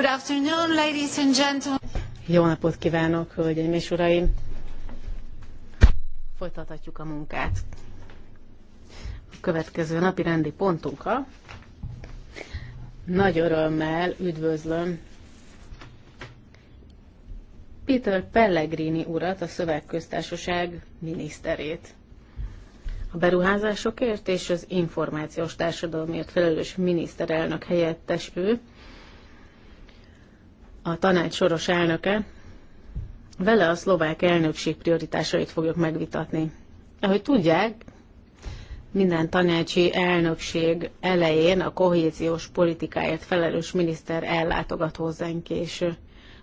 Good afternoon, ladies and gentlemen. Jó napot kívánok, hölgyeim és uraim! Folytathatjuk a munkát. A következő napi rendi pontunkkal nagy örömmel üdvözlöm Peter Pellegrini urat, a Szövegköztársaság miniszterét. A beruházásokért és az információs társadalomért felelős miniszterelnök helyettes ő, a tanács soros elnöke, vele a szlovák elnökség prioritásait fogjuk megvitatni. Ahogy tudják, minden tanácsi elnökség elején a kohéziós politikáért felelős miniszter ellátogat hozzánk, és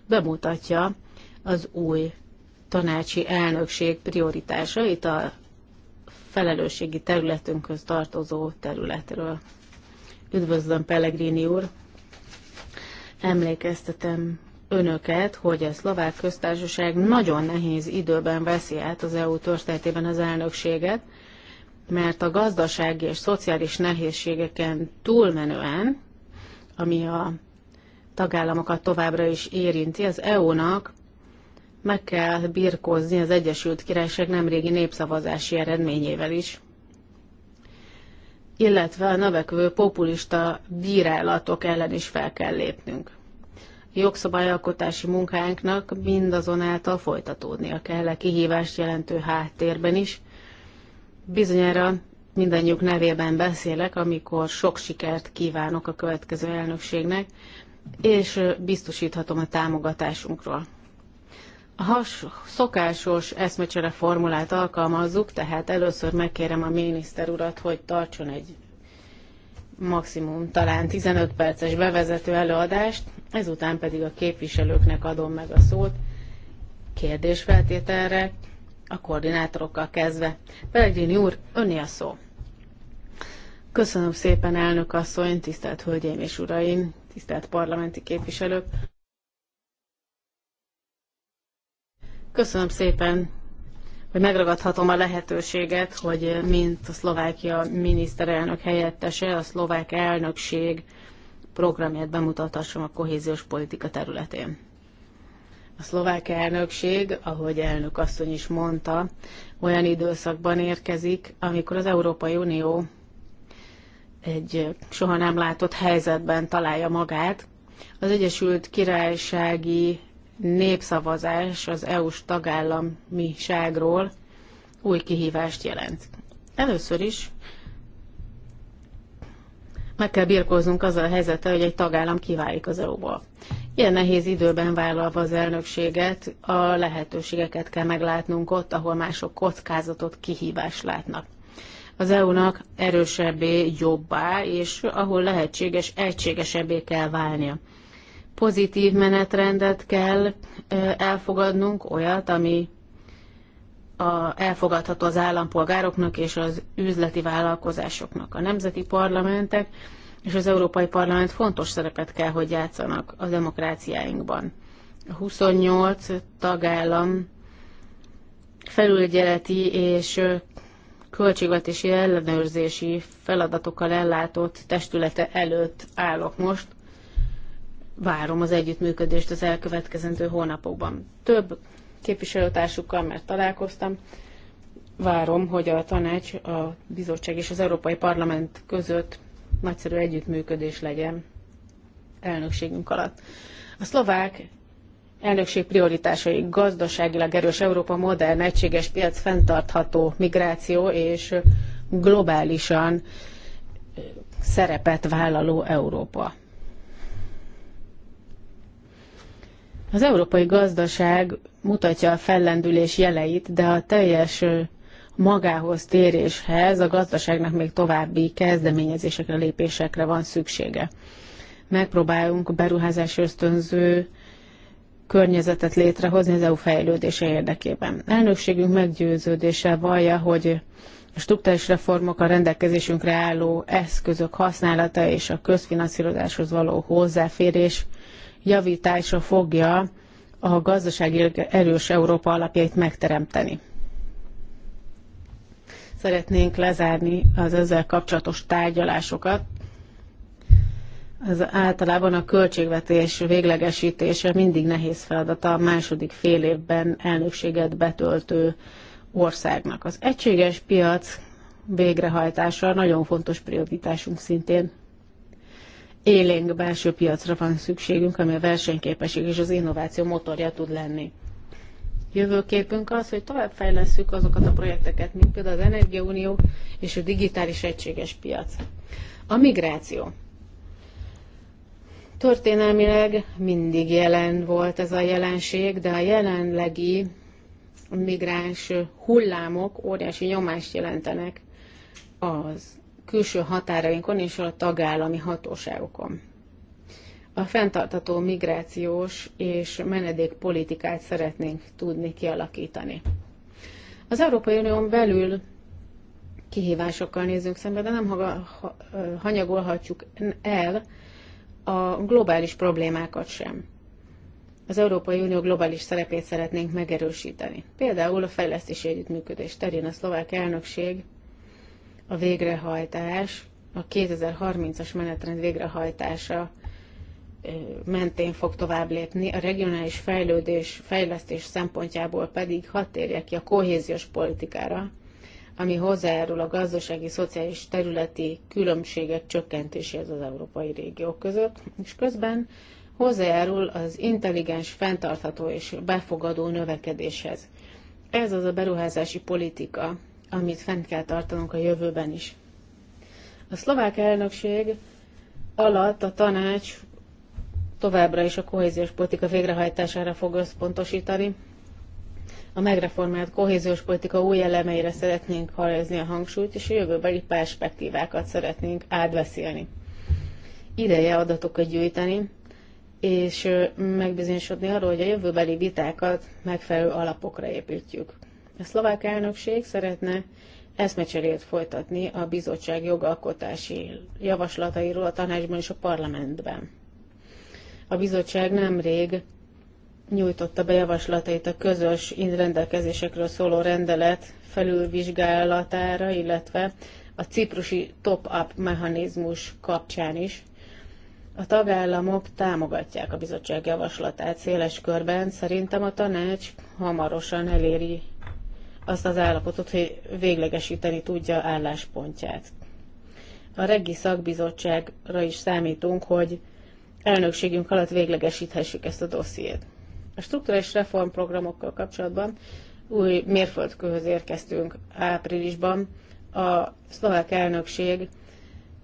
bemutatja az új tanácsi elnökség prioritásait a felelősségi területünkhöz tartozó területről. Üdvözlöm Pellegrini úr, Emlékeztetem önöket, hogy a szlovák köztársaság nagyon nehéz időben veszi át az EU történetében az elnökséget, mert a gazdasági és szociális nehézségeken túlmenően, ami a tagállamokat továbbra is érinti, az EU-nak meg kell birkózni az Egyesült Királyság nemrégi népszavazási eredményével is illetve a növekvő populista bírálatok ellen is fel kell lépnünk. A jogszabályalkotási munkánknak mindazonáltal folytatódnia kell a kihívást jelentő háttérben is. Bizonyára mindannyiuk nevében beszélek, amikor sok sikert kívánok a következő elnökségnek, és biztosíthatom a támogatásunkról has, szokásos eszmecsere formulát alkalmazzuk, tehát először megkérem a miniszter urat, hogy tartson egy maximum talán 15 perces bevezető előadást, ezután pedig a képviselőknek adom meg a szót kérdésfeltételre, a koordinátorokkal kezdve. Pelegrini úr, önné a szó. Köszönöm szépen, elnök asszony, tisztelt hölgyeim és uraim, tisztelt parlamenti képviselők. Köszönöm szépen, hogy megragadhatom a lehetőséget, hogy mint a Szlovákia miniszterelnök helyettese, a szlovák elnökség programját bemutathassam a kohéziós politika területén. A szlovák elnökség, ahogy elnök asszony is mondta, olyan időszakban érkezik, amikor az Európai Unió egy soha nem látott helyzetben találja magát. Az Egyesült Királysági népszavazás az EU-s tagállamiságról új kihívást jelent. Először is meg kell birkóznunk azzal a helyzettel, hogy egy tagállam kiválik az EU-ból. Ilyen nehéz időben vállalva az elnökséget, a lehetőségeket kell meglátnunk ott, ahol mások kockázatot, kihívást látnak. Az EU-nak erősebbé, jobbá, és ahol lehetséges, egységesebbé kell válnia pozitív menetrendet kell elfogadnunk, olyat, ami a, elfogadható az állampolgároknak és az üzleti vállalkozásoknak. A nemzeti parlamentek és az Európai Parlament fontos szerepet kell, hogy játszanak a demokráciáinkban. A 28 tagállam felügyeleti és költségvetési ellenőrzési feladatokkal ellátott testülete előtt állok most, várom az együttműködést az elkövetkezendő hónapokban. Több képviselőtársukkal már találkoztam, várom, hogy a tanács, a bizottság és az Európai Parlament között nagyszerű együttműködés legyen elnökségünk alatt. A szlovák elnökség prioritásai gazdaságilag erős Európa modern, egységes piac, fenntartható migráció és globálisan szerepet vállaló Európa. Az európai gazdaság mutatja a fellendülés jeleit, de a teljes magához téréshez a gazdaságnak még további kezdeményezésekre, lépésekre van szüksége. Megpróbálunk beruházás ösztönző környezetet létrehozni az EU fejlődése érdekében. Elnökségünk meggyőződése vallja, hogy a struktúrális reformok a rendelkezésünkre álló eszközök használata és a közfinanszírozáshoz való hozzáférés javítása fogja a gazdasági erős Európa alapjait megteremteni. Szeretnénk lezárni az ezzel kapcsolatos tárgyalásokat. Az általában a költségvetés véglegesítése mindig nehéz feladata a második fél évben elnökséget betöltő országnak. Az egységes piac végrehajtása nagyon fontos prioritásunk szintén élénk belső piacra van szükségünk, ami a versenyképesség és az innováció motorja tud lenni. Jövőképünk az, hogy tovább továbbfejlesszük azokat a projekteket, mint például az Energiaunió és a digitális egységes piac. A migráció. Történelmileg mindig jelen volt ez a jelenség, de a jelenlegi migráns hullámok óriási nyomást jelentenek az külső határainkon és a tagállami hatóságokon. A fenntartató migrációs és menedékpolitikát szeretnénk tudni kialakítani. Az Európai Unión belül kihívásokkal nézünk szembe, de nem hanyagolhatjuk el a globális problémákat sem. Az Európai Unió globális szerepét szeretnénk megerősíteni. Például a fejlesztési együttműködés terén a szlovák elnökség a végrehajtás, a 2030-as menetrend végrehajtása mentén fog tovább lépni, a regionális fejlődés, fejlesztés szempontjából pedig hat térje ki a kohéziós politikára, ami hozzájárul a gazdasági, szociális területi különbségek csökkentéséhez az európai régiók között, és közben hozzájárul az intelligens, fenntartható és befogadó növekedéshez. Ez az a beruházási politika, amit fent kell tartanunk a jövőben is. A szlovák elnökség alatt a tanács továbbra is a kohéziós politika végrehajtására fog összpontosítani. A megreformált kohéziós politika új elemeire szeretnénk hajozni a hangsúlyt, és a jövőbeli perspektívákat szeretnénk átbeszélni. Ideje adatokat gyűjteni, és megbizonyosodni arról, hogy a jövőbeli vitákat megfelelő alapokra építjük. A szlovák elnökség szeretne eszmecserélt folytatni a bizottság jogalkotási javaslatairól a tanácsban és a parlamentben. A bizottság nemrég nyújtotta be javaslatait a közös rendelkezésekről szóló rendelet felülvizsgálatára, illetve a ciprusi top-up mechanizmus kapcsán is. A tagállamok támogatják a bizottság javaslatát széles körben, szerintem a tanács hamarosan eléri azt az állapotot, hogy véglegesíteni tudja álláspontját. A reggi Szakbizottságra is számítunk, hogy elnökségünk alatt véglegesíthessük ezt a dossziét. A struktúrális reformprogramokkal kapcsolatban új mérföldkőhöz érkeztünk áprilisban. A szlovák elnökség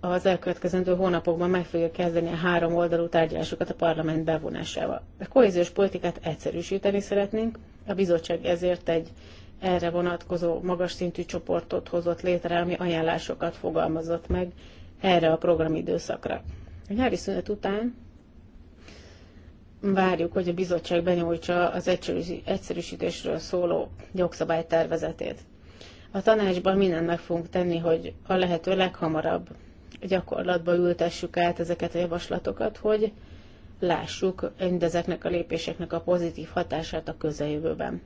az elkövetkezendő hónapokban meg fogja kezdeni a három oldalú tárgyalásokat a parlament bevonásával. A kohéziós politikát egyszerűsíteni szeretnénk, a bizottság ezért egy erre vonatkozó magas szintű csoportot hozott létre, ami ajánlásokat fogalmazott meg erre a programidőszakra. A nyári szünet után várjuk, hogy a bizottság benyújtsa az egyszerűsítésről szóló jogszabálytervezetét. A tanácsban mindent meg fogunk tenni, hogy a lehető leghamarabb gyakorlatba ültessük át ezeket a javaslatokat, hogy lássuk mindezeknek a lépéseknek a pozitív hatását a közeljövőben.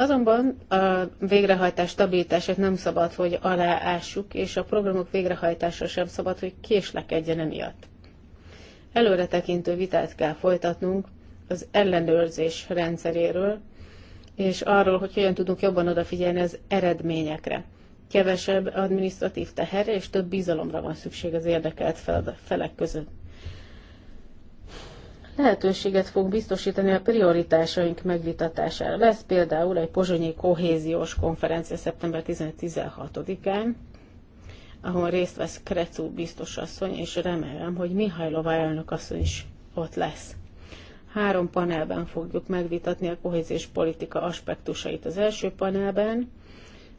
Azonban a végrehajtás stabilitását nem szabad, hogy aláássuk, és a programok végrehajtása sem szabad, hogy késlekedjen emiatt. Előretekintő vitát kell folytatnunk az ellenőrzés rendszeréről, és arról, hogy hogyan tudunk jobban odafigyelni az eredményekre. Kevesebb administratív teherre és több bizalomra van szükség az érdekelt felek között lehetőséget fog biztosítani a prioritásaink megvitatására. Lesz például egy pozsonyi kohéziós konferencia szeptember 16-án, ahol részt vesz Krecú biztos asszony, és remélem, hogy Mihajlova elnök asszony is ott lesz. Három panelben fogjuk megvitatni a kohéziós politika aspektusait. Az első panelben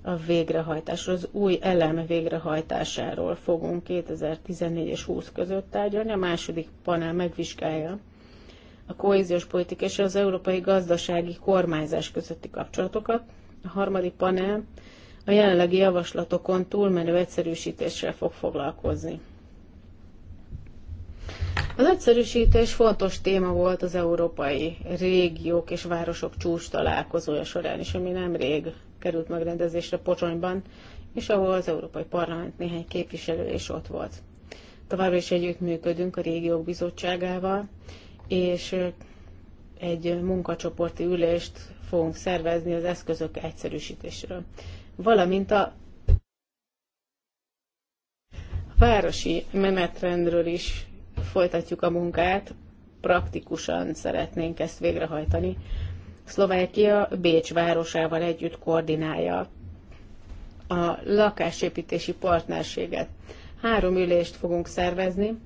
a végrehajtásról, az új elem végrehajtásáról fogunk 2014 és 20 között tárgyalni. A második panel megvizsgálja a kohéziós politika és az európai gazdasági kormányzás közötti kapcsolatokat. A harmadik panel a jelenlegi javaslatokon túlmenő egyszerűsítéssel fog foglalkozni. Az egyszerűsítés fontos téma volt az európai régiók és városok csúcs találkozója során is, ami nemrég került megrendezésre Pocsonyban, és ahol az Európai Parlament néhány képviselő is ott volt. Továbbra is együttműködünk a régiók bizottságával, és egy munkacsoporti ülést fogunk szervezni az eszközök egyszerűsítésről. Valamint a városi menetrendről is folytatjuk a munkát, praktikusan szeretnénk ezt végrehajtani. Szlovákia Bécs városával együtt koordinálja a lakásépítési partnerséget. Három ülést fogunk szervezni,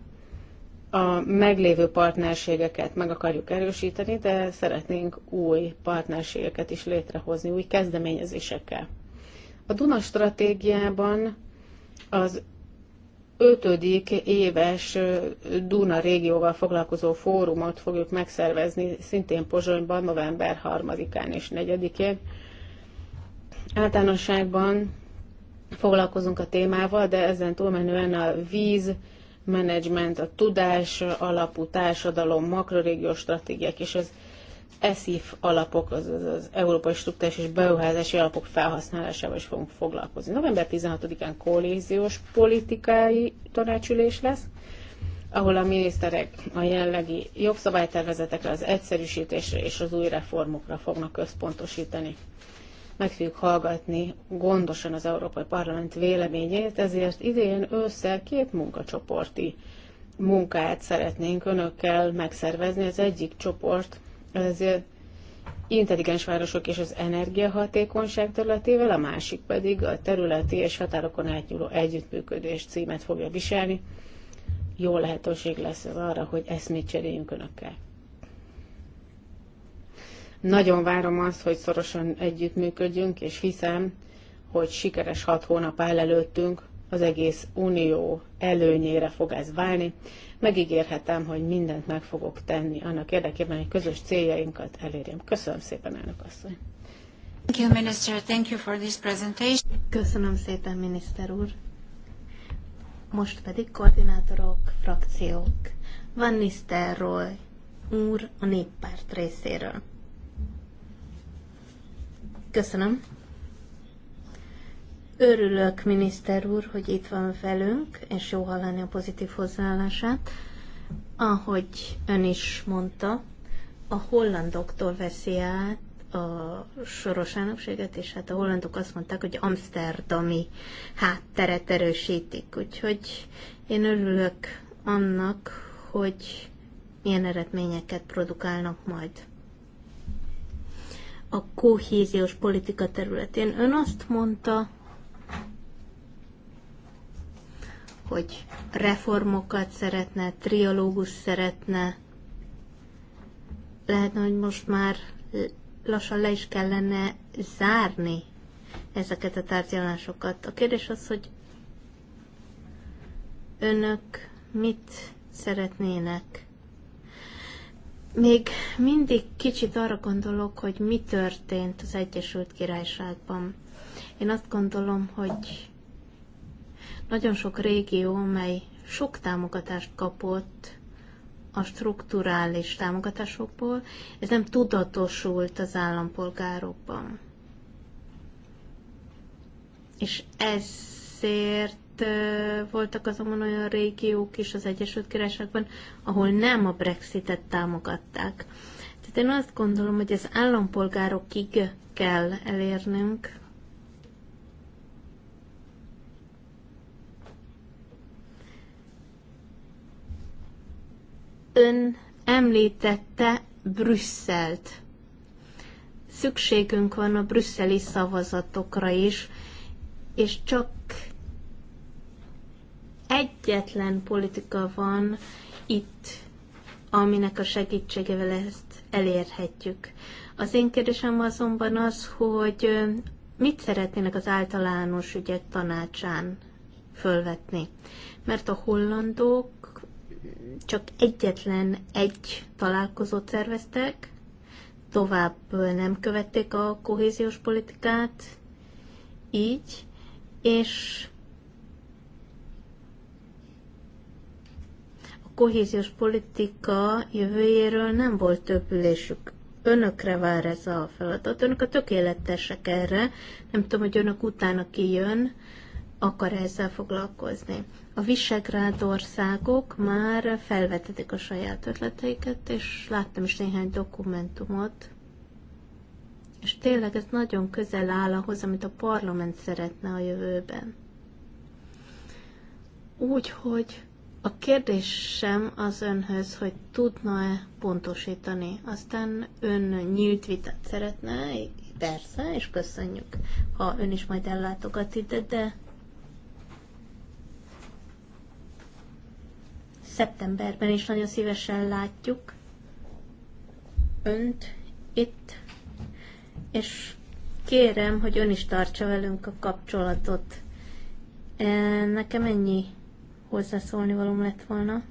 a meglévő partnerségeket meg akarjuk erősíteni, de szeretnénk új partnerségeket is létrehozni, új kezdeményezésekkel. A Duna stratégiában az ötödik éves Duna régióval foglalkozó fórumot fogjuk megszervezni szintén Pozsonyban november 3-án és 4-én. Általánosságban foglalkozunk a témával, de ezen túlmenően a víz, menedzsment, a tudás alapú társadalom, makrorégiós stratégiák és az ESIF alapok, az, az, az Európai Struktúrás és Beruházási Alapok felhasználásával is fogunk foglalkozni. November 16-án kollégiós politikai tanácsülés lesz, ahol a miniszterek a jelenlegi jogszabálytervezetekre, az egyszerűsítésre és az új reformokra fognak központosítani meg fogjuk hallgatni gondosan az Európai Parlament véleményét, ezért idén ősszel két munkacsoporti munkát szeretnénk önökkel megszervezni. Az egyik csoport az intelligens városok és az energiahatékonyság területével, a másik pedig a területi és határokon átnyúló együttműködés címet fogja viselni. Jó lehetőség lesz arra, hogy eszmét cseréljünk önökkel. Nagyon várom azt, hogy szorosan együttműködjünk, és hiszem, hogy sikeres hat hónap áll előttünk, az egész unió előnyére fog ez válni. Megígérhetem, hogy mindent meg fogok tenni annak érdekében, hogy közös céljainkat elérjem. Köszönöm szépen, elnök asszony! Thank you, Minister. Thank you for this presentation. Köszönöm szépen, miniszter úr. Most pedig koordinátorok, frakciók. Van Nisztelrooy úr a néppárt részéről. Köszönöm. Örülök, miniszter úr, hogy itt van velünk, és jó hallani a pozitív hozzáállását. Ahogy ön is mondta, a hollandoktól veszi át a soros elnökséget, és hát a hollandok azt mondták, hogy amsterdami hátteret erősítik. Úgyhogy én örülök annak, hogy milyen eredményeket produkálnak majd a kohéziós politika területén. Ön azt mondta, hogy reformokat szeretne, triológus szeretne. Lehetne, hogy most már lassan le is kellene zárni ezeket a tárgyalásokat. A kérdés az, hogy önök mit szeretnének? Még mindig kicsit arra gondolok, hogy mi történt az Egyesült Királyságban. Én azt gondolom, hogy nagyon sok régió, mely sok támogatást kapott a strukturális támogatásokból, ez nem tudatosult az állampolgárokban. És ezért itt voltak azonban olyan régiók is az Egyesült Királyságban, ahol nem a Brexitet támogatták. Tehát én azt gondolom, hogy az állampolgárokig kell elérnünk. Ön említette Brüsszelt. Szükségünk van a brüsszeli szavazatokra is, és csak Egyetlen politika van itt, aminek a segítségével ezt elérhetjük. Az én kérdésem azonban az, hogy mit szeretnének az általános ügyek tanácsán fölvetni. Mert a hollandok csak egyetlen egy találkozót szerveztek, tovább nem követték a kohéziós politikát, így, és kohéziós politika jövőjéről nem volt több ülésük. Önökre vár ez a feladat. Önök a tökéletesek erre. Nem tudom, hogy önök utána ki jön, akar -e ezzel foglalkozni. A Visegrád országok már felvetetik a saját ötleteiket, és láttam is néhány dokumentumot, és tényleg ez nagyon közel áll ahhoz, amit a parlament szeretne a jövőben. Úgyhogy a kérdésem az önhöz, hogy tudna-e pontosítani. Aztán ön nyílt vitát szeretne, persze, és köszönjük, ha ön is majd ellátogat ide, de szeptemberben is nagyon szívesen látjuk önt itt, és kérem, hogy ön is tartsa velünk a kapcsolatot. E, nekem ennyi hozzászólni valóm lett volna.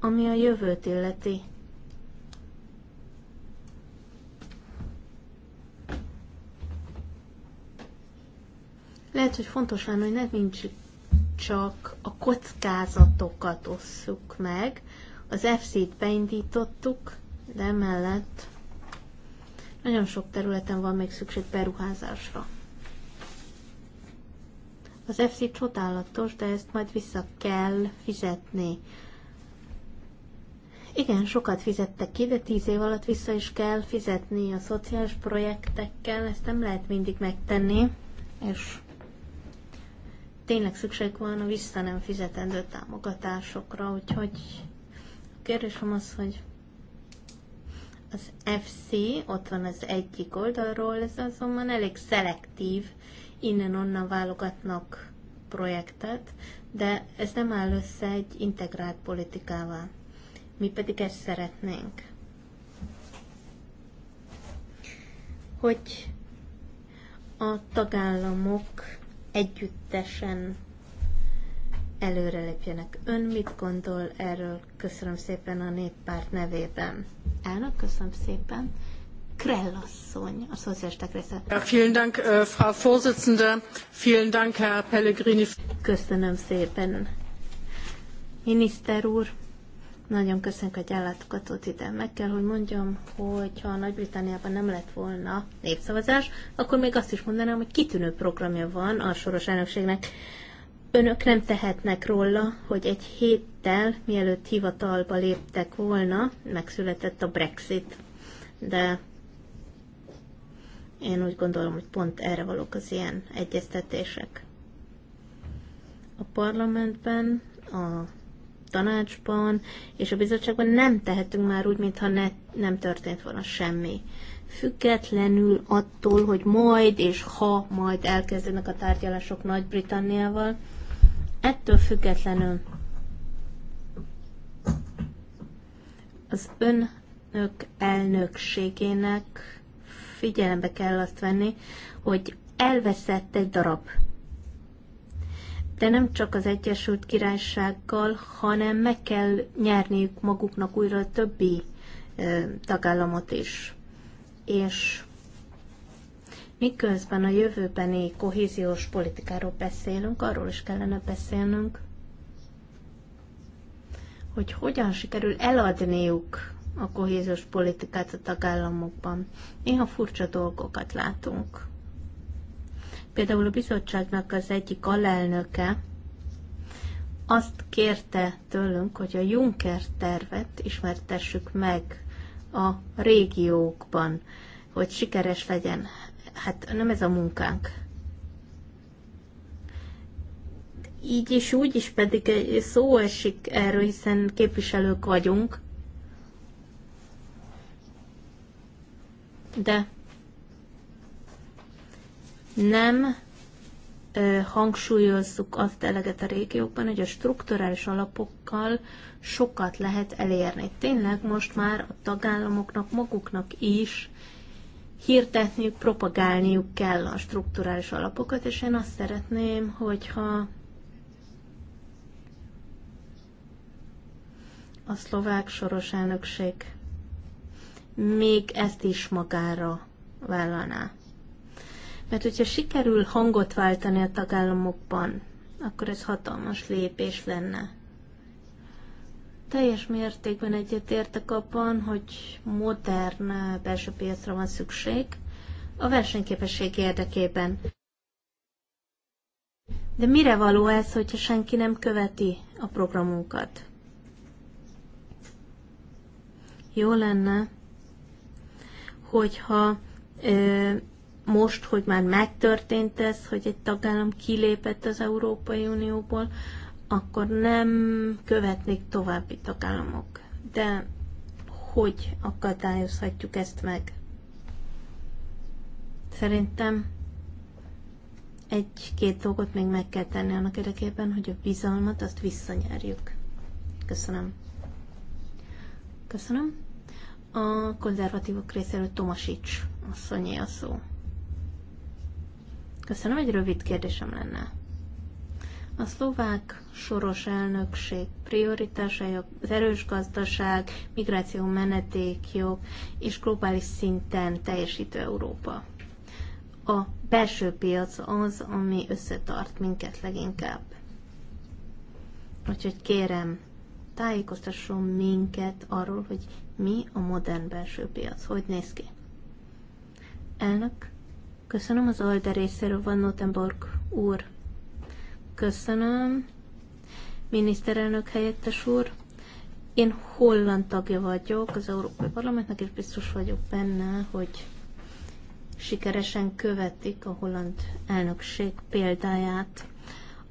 Ami a jövőt illeti. Lehet, hogy fontos lenne, hogy nem nincs csak a kockázatokat osszuk meg. Az FC-t beindítottuk, de emellett nagyon sok területen van még szükség beruházásra. Az FC csodálatos, de ezt majd vissza kell fizetni. Igen, sokat fizettek ki, de tíz év alatt vissza is kell fizetni a szociális projektekkel, ezt nem lehet mindig megtenni, és tényleg szükség van a vissza nem fizetendő támogatásokra, úgyhogy a kérdésem az, hogy az FC ott van az egyik oldalról, ez azonban elég szelektív, innen-onnan válogatnak projektet, de ez nem áll össze egy integrált politikával. Mi pedig ezt szeretnénk. Hogy a tagállamok együttesen előrelépjenek. Ön mit gondol erről? Köszönöm szépen a néppárt nevében. Elnök, köszönöm szépen a Vielen Dank, äh, Frau Vorsitzende. Vielen Dank, Herr Pellegrini. Köszönöm szépen. Miniszter úr, nagyon köszönjük, hogy ellátogatott ide. Meg kell, hogy mondjam, hogy ha Nagy-Britanniában nem lett volna népszavazás, akkor még azt is mondanám, hogy kitűnő programja van a soros elnökségnek. Önök nem tehetnek róla, hogy egy héttel, mielőtt hivatalba léptek volna, megszületett a Brexit. De én úgy gondolom, hogy pont erre valók az ilyen egyeztetések. A parlamentben, a tanácsban és a bizottságban nem tehetünk már úgy, mintha ne, nem történt volna semmi. Függetlenül attól, hogy majd és ha majd elkezdődnek a tárgyalások Nagy-Britanniával, ettől függetlenül az önök elnökségének figyelembe kell azt venni, hogy elveszett egy darab. De nem csak az Egyesült Királysággal, hanem meg kell nyerniük maguknak újra a többi tagállamot is. És miközben a jövőbeni kohéziós politikáról beszélünk, arról is kellene beszélnünk, hogy hogyan sikerül eladniuk a kohéziós politikát a tagállamokban. Néha furcsa dolgokat látunk. Például a bizottságnak az egyik alelnöke azt kérte tőlünk, hogy a Juncker tervet ismertessük meg a régiókban, hogy sikeres legyen. Hát nem ez a munkánk. Így is úgy is pedig szó esik erről, hiszen képviselők vagyunk, de nem ö, hangsúlyozzuk azt eleget a régiókban, hogy a strukturális alapokkal sokat lehet elérni. Tényleg most már a tagállamoknak maguknak is hirdetniük, propagálniuk kell a strukturális alapokat, és én azt szeretném, hogyha a szlovák soros elnökség még ezt is magára vállalná. Mert hogyha sikerül hangot váltani a tagállamokban, akkor ez hatalmas lépés lenne. Teljes mértékben egyetértek abban, hogy modern belső piacra van szükség a versenyképesség érdekében. De mire való ez, hogyha senki nem követi a programunkat? Jó lenne, hogyha most, hogy már megtörtént ez, hogy egy tagállam kilépett az Európai Unióból, akkor nem követnék további tagállamok. De hogy akadályozhatjuk ezt meg? Szerintem egy-két dolgot még meg kell tenni annak érdekében, hogy a bizalmat azt visszanyerjük. Köszönöm. Köszönöm. A konzervatívok részéről Tomasics asszonyé a szó. Köszönöm, egy rövid kérdésem lenne. A szlovák soros elnökség prioritásai az erős gazdaság, migráció, jog, és globális szinten teljesítő Európa. A belső piac az, ami összetart minket leginkább. Úgyhogy kérem, tájékoztasson minket arról, hogy mi a modern belső piac, hogy néz ki. Elnök, köszönöm az Alder részéről van Notenborg úr. Köszönöm. Miniszterelnök helyettes úr, én holland tagja vagyok az Európai Parlamentnek, és biztos vagyok benne, hogy sikeresen követik a holland elnökség példáját.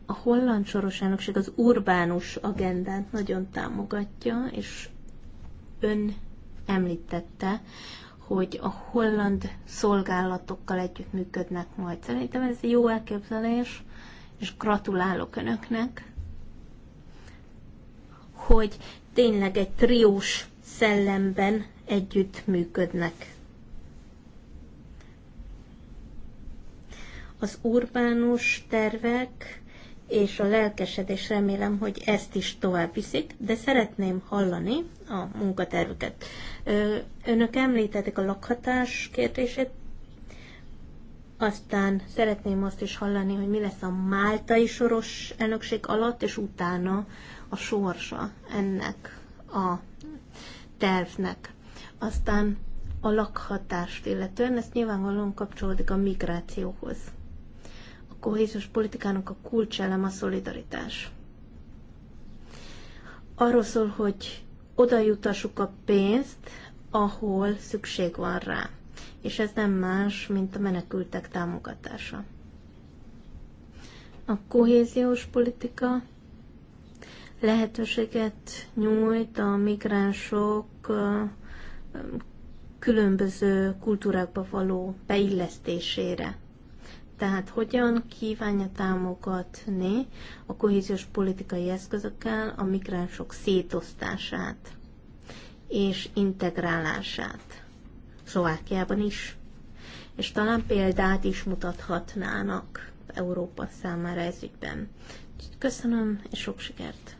A holland soros elnökség az urbánus agendát nagyon támogatja, és ön említette, hogy a holland szolgálatokkal együttműködnek majd. Szerintem ez egy jó elképzelés, és gratulálok önöknek, hogy tényleg egy triós szellemben együttműködnek. Az urbánus tervek és a lelkesedés remélem, hogy ezt is tovább viszik, de szeretném hallani a munkatervüket. Önök említették a lakhatás kérdését, aztán szeretném azt is hallani, hogy mi lesz a máltai soros elnökség alatt, és utána a sorsa ennek a tervnek. Aztán a lakhatást illetően, ez nyilvánvalóan kapcsolódik a migrációhoz kohéziós politikának a kulcselem a szolidaritás. Arról szól, hogy oda jutassuk a pénzt, ahol szükség van rá. És ez nem más, mint a menekültek támogatása. A kohéziós politika lehetőséget nyújt a migránsok különböző kultúrákba való beillesztésére. Tehát hogyan kívánja támogatni a kohéziós politikai eszközökkel a migránsok szétosztását és integrálását Szlovákiában is? És talán példát is mutathatnának Európa számára ez ügyben. Köszönöm, és sok sikert!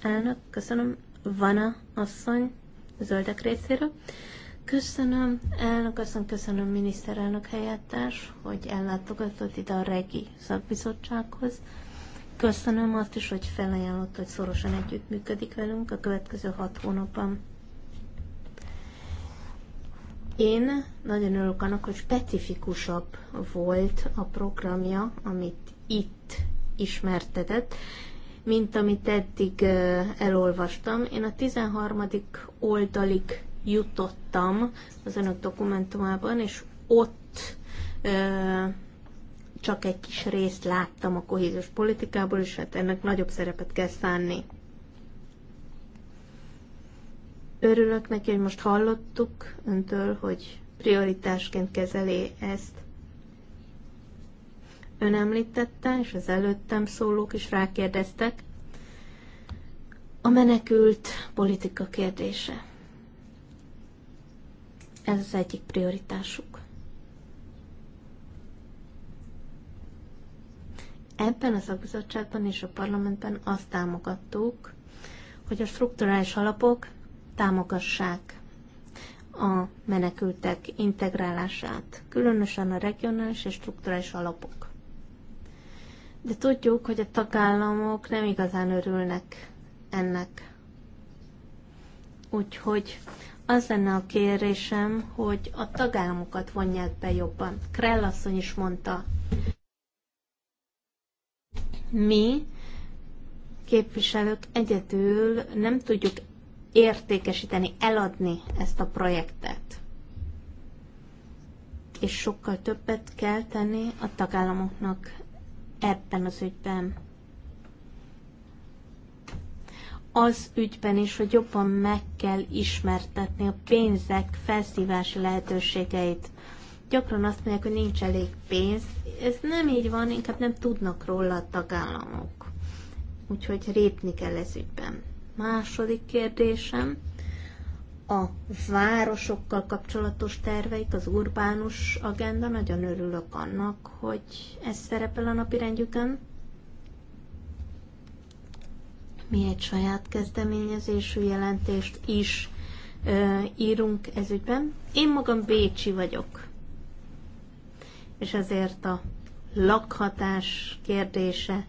Elnök, köszönöm. Vana asszony, zöldek részéről. Köszönöm, elnök asszony, köszönöm miniszterelnök helyettes, hogy ellátogatott ide a REGI szakbizottsághoz. Köszönöm azt is, hogy felajánlott, hogy szorosan együttműködik velünk a következő hat hónapban. Én nagyon örülök annak, hogy specifikusabb volt a programja, amit itt ismertetett, mint amit eddig elolvastam. Én a 13. oldalig jutottam az önök dokumentumában, és ott ö, csak egy kis részt láttam a kohéziós politikából, és hát ennek nagyobb szerepet kell szánni. Örülök neki, hogy most hallottuk öntől, hogy prioritásként kezeli ezt. Ön említette, és az előttem szólók is rákérdeztek, a menekült politika kérdése. Ez az egyik prioritásuk. Ebben a szakbizottságban és a parlamentben azt támogattuk, hogy a strukturális alapok támogassák a menekültek integrálását, különösen a regionális és strukturális alapok. De tudjuk, hogy a tagállamok nem igazán örülnek ennek. Úgyhogy az lenne a kérésem, hogy a tagállamokat vonják be jobban. Krell asszony is mondta. Mi képviselők egyedül nem tudjuk értékesíteni, eladni ezt a projektet. És sokkal többet kell tenni a tagállamoknak ebben az ügyben az ügyben is, hogy jobban meg kell ismertetni a pénzek felszívási lehetőségeit. Gyakran azt mondják, hogy nincs elég pénz. Ez nem így van, inkább nem tudnak róla a tagállamok. Úgyhogy répni kell ez ügyben. Második kérdésem, a városokkal kapcsolatos terveik, az urbánus agenda, nagyon örülök annak, hogy ez szerepel a napirendjükön mi egy saját kezdeményezésű jelentést is ö, írunk ezügyben. Én magam Bécsi vagyok, és ezért a lakhatás kérdése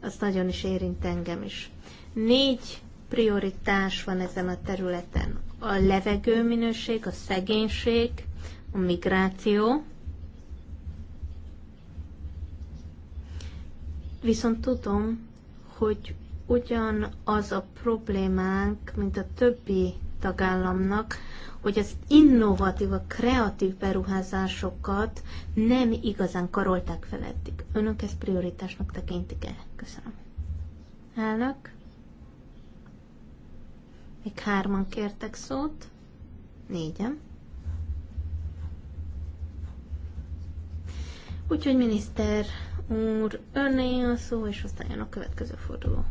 az nagyon is érint engem is. Négy prioritás van ezen a területen. A levegőminőség, a szegénység, a migráció, Viszont tudom, hogy ugyanaz a problémánk, mint a többi tagállamnak, hogy az innovatív, a kreatív beruházásokat nem igazán karolták fel eddig. Önök ezt prioritásnak tekintik el. Köszönöm. Elnök? Még hárman kértek szót. Négyen. Úgyhogy miniszter úr, önné a szó, és aztán jön a következő forduló.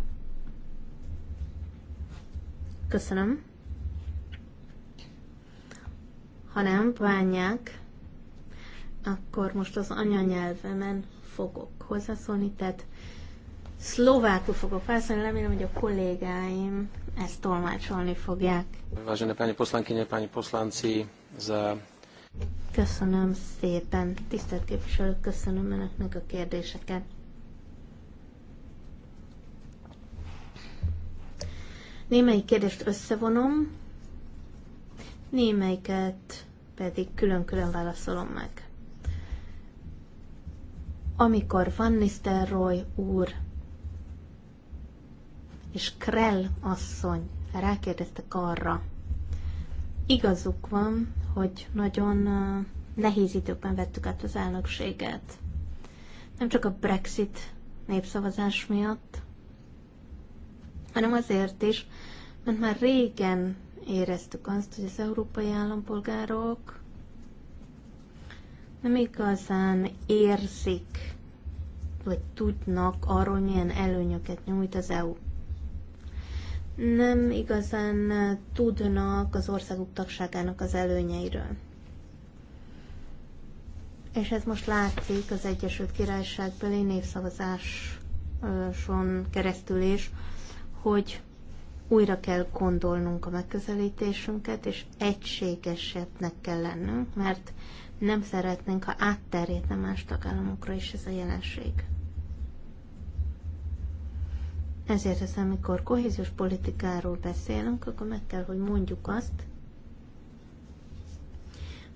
Köszönöm. Ha nem bánják, akkor most az anyanyelvemen fogok hozzászólni, tehát szlovákul fogok felszólni, remélem, hogy a kollégáim ezt tolmácsolni fogják. Vážené pani poslankyne, pani poslanci, za... Köszönöm szépen, tisztelt képviselők, köszönöm önöknek a kérdéseket. Némelyik kérdést összevonom, némelyiket pedig külön-külön válaszolom meg. Amikor Van Nistelrooy úr és Krell asszony rákérdeztek arra, igazuk van, hogy nagyon uh, nehéz időkben vettük át az elnökséget. Nem csak a Brexit népszavazás miatt, hanem azért is, mert már régen éreztük azt, hogy az európai állampolgárok nem igazán érzik, vagy tudnak arról, milyen előnyöket nyújt az EU. Nem igazán tudnak az országuk tagságának az előnyeiről. És ez most látszik az Egyesült királyság belé népszavazáson keresztül is, hogy újra kell gondolnunk a megközelítésünket, és egységesebbnek kell lennünk, mert nem szeretnénk, ha átterjedne más tagállamokra is ez a jelenség. Ezért az, amikor kohéziós politikáról beszélünk, akkor meg kell, hogy mondjuk azt,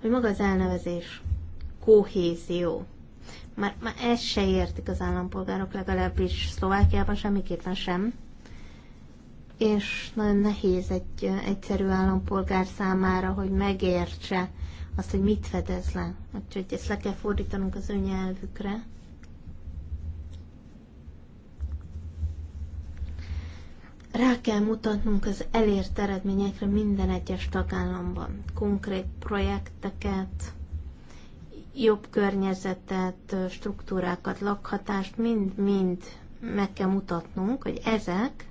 hogy maga az elnevezés kohézió. Már, már ezt se értik az állampolgárok, legalábbis Szlovákiában semmiképpen sem és nagyon nehéz egy egyszerű állampolgár számára, hogy megértse azt, hogy mit fedez le. Úgyhogy ezt le kell fordítanunk az ő nyelvükre. Rá kell mutatnunk az elért eredményekre minden egyes tagállamban. Konkrét projekteket, jobb környezetet, struktúrákat, lakhatást, mind-mind meg kell mutatnunk, hogy ezek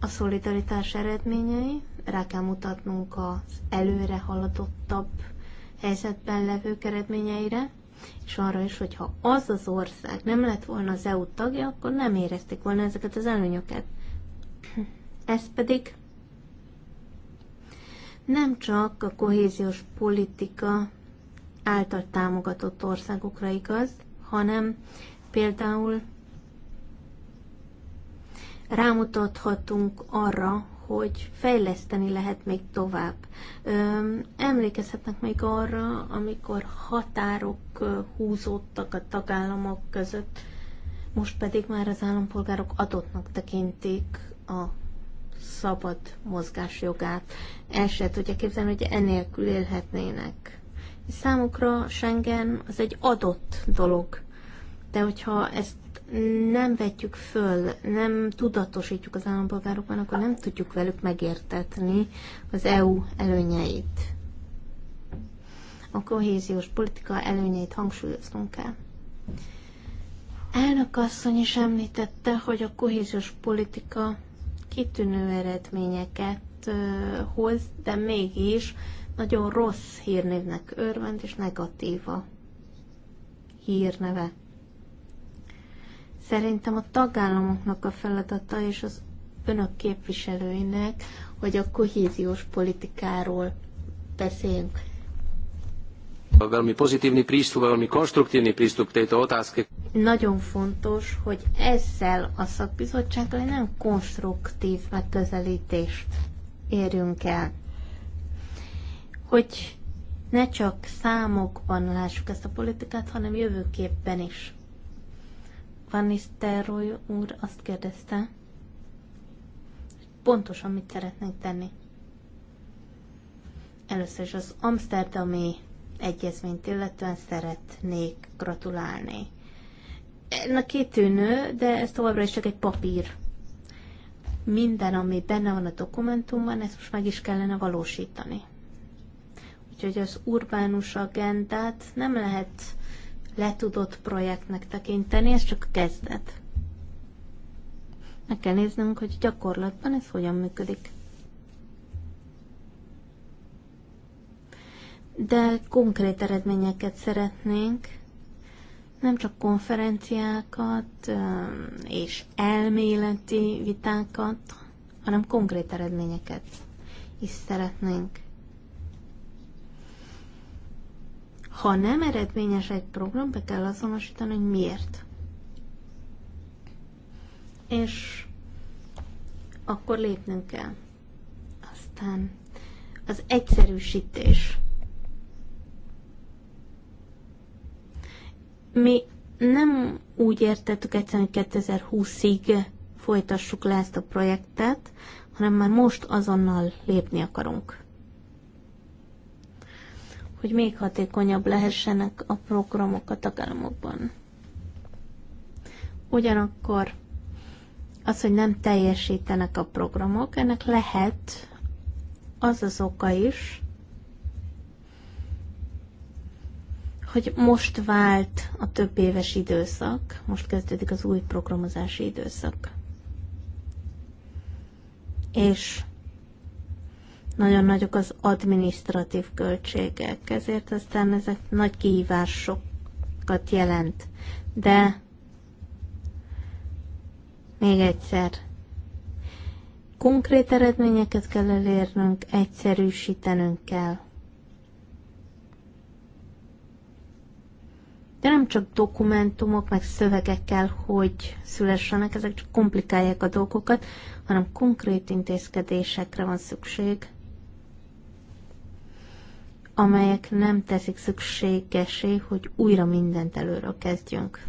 a szolidaritás eredményei, rá kell mutatnunk az előre haladottabb helyzetben levők eredményeire, és arra is, hogy ha az az ország nem lett volna az EU tagja, akkor nem érezték volna ezeket az előnyöket. Ez pedig nem csak a kohéziós politika által támogatott országokra igaz, hanem például rámutathatunk arra, hogy fejleszteni lehet még tovább. Emlékezhetnek még arra, amikor határok húzódtak a tagállamok között, most pedig már az állampolgárok adottnak tekintik a szabad jogát. El se tudja képzelni, hogy enélkül élhetnének. Számukra Schengen az egy adott dolog. De hogyha ezt nem vetjük föl, nem tudatosítjuk az állampolgárokban, akkor nem tudjuk velük megértetni az EU előnyeit. A kohéziós politika előnyeit hangsúlyoznunk kell. Elnök asszony is említette, hogy a kohéziós politika kitűnő eredményeket hoz, de mégis nagyon rossz hírnévnek örvend, és negatíva hírneve. Szerintem a tagállamoknak a feladata és az önök képviselőinek, hogy a kohéziós politikáról beszéljünk. Valami pozitívni prístup, valami konstruktívni prístup a otázky. Nagyon fontos, hogy ezzel a szakbizottsággal nem konstruktív megközelítést érjünk el. Hogy ne csak számokban lássuk ezt a politikát, hanem jövőképpen is. Van Nistelrooy úr azt kérdezte, pontosan mit szeretnénk tenni. Először is az Amsterdami egyezményt illetően szeretnék gratulálni. Na kitűnő, de ez továbbra is csak egy papír. Minden, ami benne van a dokumentumban, ezt most meg is kellene valósítani. Úgyhogy az urbánus agendát nem lehet letudott projektnek tekinteni, ez csak a kezdet. Meg kell néznünk, hogy gyakorlatban ez hogyan működik. De konkrét eredményeket szeretnénk, nem csak konferenciákat és elméleti vitákat, hanem konkrét eredményeket is szeretnénk. Ha nem eredményes egy program, be kell azonosítani, hogy miért. És akkor lépnünk kell. Aztán az egyszerűsítés. Mi nem úgy értettük egyszerűen, hogy 2020-ig folytassuk le ezt a projektet, hanem már most azonnal lépni akarunk hogy még hatékonyabb lehessenek a programok a tagállamokban. Ugyanakkor az, hogy nem teljesítenek a programok, ennek lehet az az oka is, hogy most vált a több éves időszak, most kezdődik az új programozási időszak. És nagyon nagyok az administratív költségek, ezért aztán ezek nagy kihívásokat jelent. De még egyszer, konkrét eredményeket kell elérnünk, egyszerűsítenünk kell. De nem csak dokumentumok, meg szövegek kell, hogy szülessenek, ezek csak komplikálják a dolgokat, hanem konkrét intézkedésekre van szükség amelyek nem teszik szükségesé, hogy újra mindent előről kezdjünk.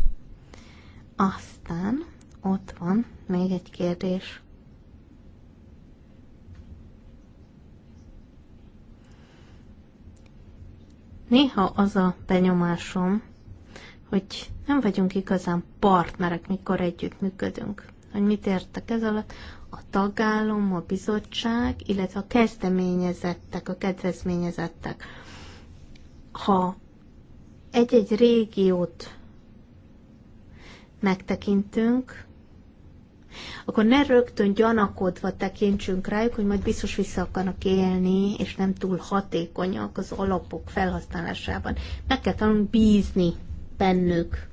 Aztán ott van még egy kérdés. Néha az a benyomásom, hogy nem vagyunk igazán partnerek, mikor együtt működünk. Hogy mit értek ez alatt? a tagállam, a bizottság, illetve a kezdeményezettek, a kedvezményezettek. Ha egy-egy régiót megtekintünk, akkor ne rögtön gyanakodva tekintsünk rájuk, hogy majd biztos vissza akarnak élni, és nem túl hatékonyak az alapok felhasználásában. Meg kell tanulni bízni bennük.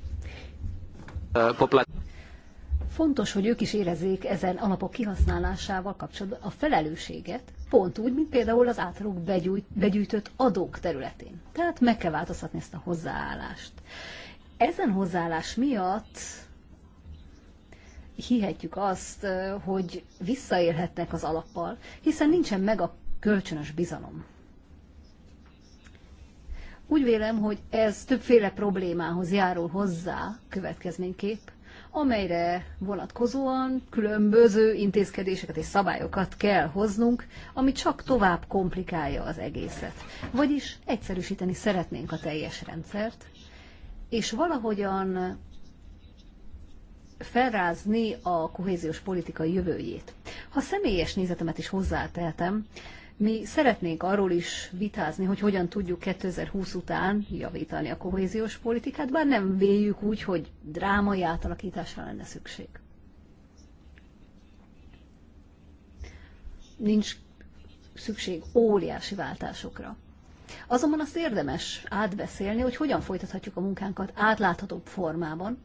Fontos, hogy ők is érezzék ezen alapok kihasználásával kapcsolatban a felelősséget, pont úgy, mint például az általuk begyújt, begyűjtött adók területén. Tehát meg kell változtatni ezt a hozzáállást. Ezen hozzáállás miatt hihetjük azt, hogy visszaélhetnek az alappal, hiszen nincsen meg a kölcsönös bizalom. Úgy vélem, hogy ez többféle problémához járul hozzá következményképp, amelyre vonatkozóan különböző intézkedéseket és szabályokat kell hoznunk, ami csak tovább komplikálja az egészet. Vagyis egyszerűsíteni szeretnénk a teljes rendszert, és valahogyan felrázni a kohéziós politika jövőjét. Ha személyes nézetemet is hozzátehetem, mi szeretnénk arról is vitázni, hogy hogyan tudjuk 2020 után javítani a kohéziós politikát, bár nem véljük úgy, hogy drámai átalakításra lenne szükség. Nincs szükség óriási váltásokra. Azonban azt érdemes átbeszélni, hogy hogyan folytathatjuk a munkánkat átláthatóbb formában,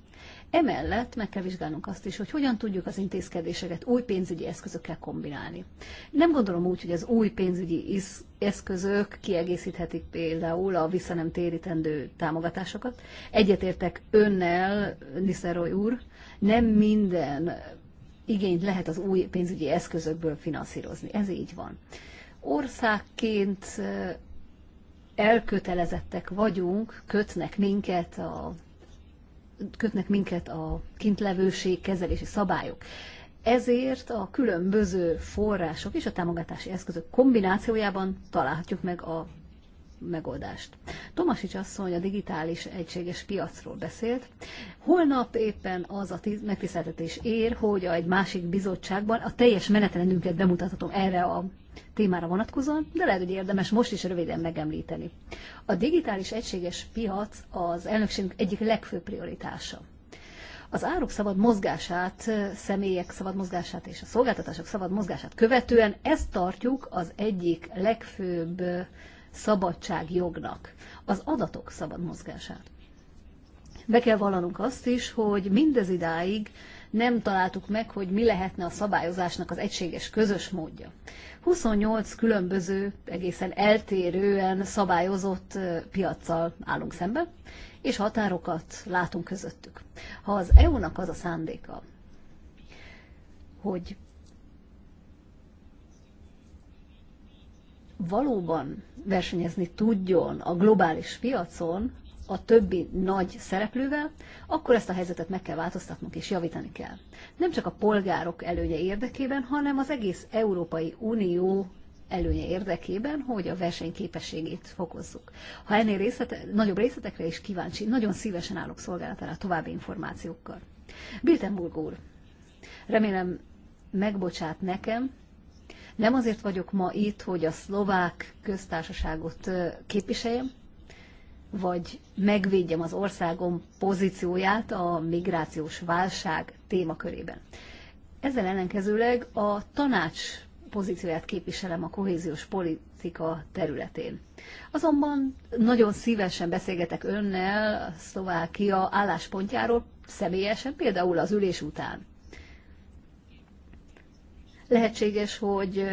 Emellett meg kell vizsgálnunk azt is, hogy hogyan tudjuk az intézkedéseket új pénzügyi eszközökkel kombinálni. Nem gondolom úgy, hogy az új pénzügyi eszközök kiegészíthetik például a visszanemtérítendő támogatásokat. Egyetértek önnel, Niszeroy úr, nem minden igényt lehet az új pénzügyi eszközökből finanszírozni. Ez így van. Országként eh, elkötelezettek vagyunk, kötnek minket a kötnek minket a kintlevőség kezelési szabályok. Ezért a különböző források és a támogatási eszközök kombinációjában találhatjuk meg a megoldást. Tomasics asszony a digitális egységes piacról beszélt. Holnap éppen az a megtiszteltetés ér, hogy egy másik bizottságban a teljes menetrendünket bemutathatom erre a témára vonatkozóan, de lehet, hogy érdemes most is röviden megemlíteni. A digitális egységes piac az elnökségünk egyik legfőbb prioritása az áruk szabad mozgását, személyek szabad mozgását és a szolgáltatások szabad mozgását követően ezt tartjuk az egyik legfőbb szabadságjognak, az adatok szabad mozgását. Be kell vallanunk azt is, hogy mindez idáig nem találtuk meg, hogy mi lehetne a szabályozásnak az egységes közös módja. 28 különböző, egészen eltérően szabályozott piaccal állunk szemben, és határokat látunk közöttük. Ha az EU-nak az a szándéka, hogy valóban versenyezni tudjon a globális piacon a többi nagy szereplővel, akkor ezt a helyzetet meg kell változtatnunk és javítani kell. Nem csak a polgárok előnye érdekében, hanem az egész Európai Unió előnye érdekében, hogy a versenyképességét fokozzuk. Ha ennél részlete, nagyobb részletekre is kíváncsi, nagyon szívesen állok szolgálatára további információkkal. Biltenburg úr, remélem megbocsát nekem, nem azért vagyok ma itt, hogy a szlovák köztársaságot képviseljem, vagy megvédjem az országom pozícióját a migrációs válság témakörében. Ezzel ellenkezőleg a tanács pozícióját képviselem a kohéziós politika területén. Azonban nagyon szívesen beszélgetek önnel Szlovákia álláspontjáról személyesen, például az ülés után. Lehetséges, hogy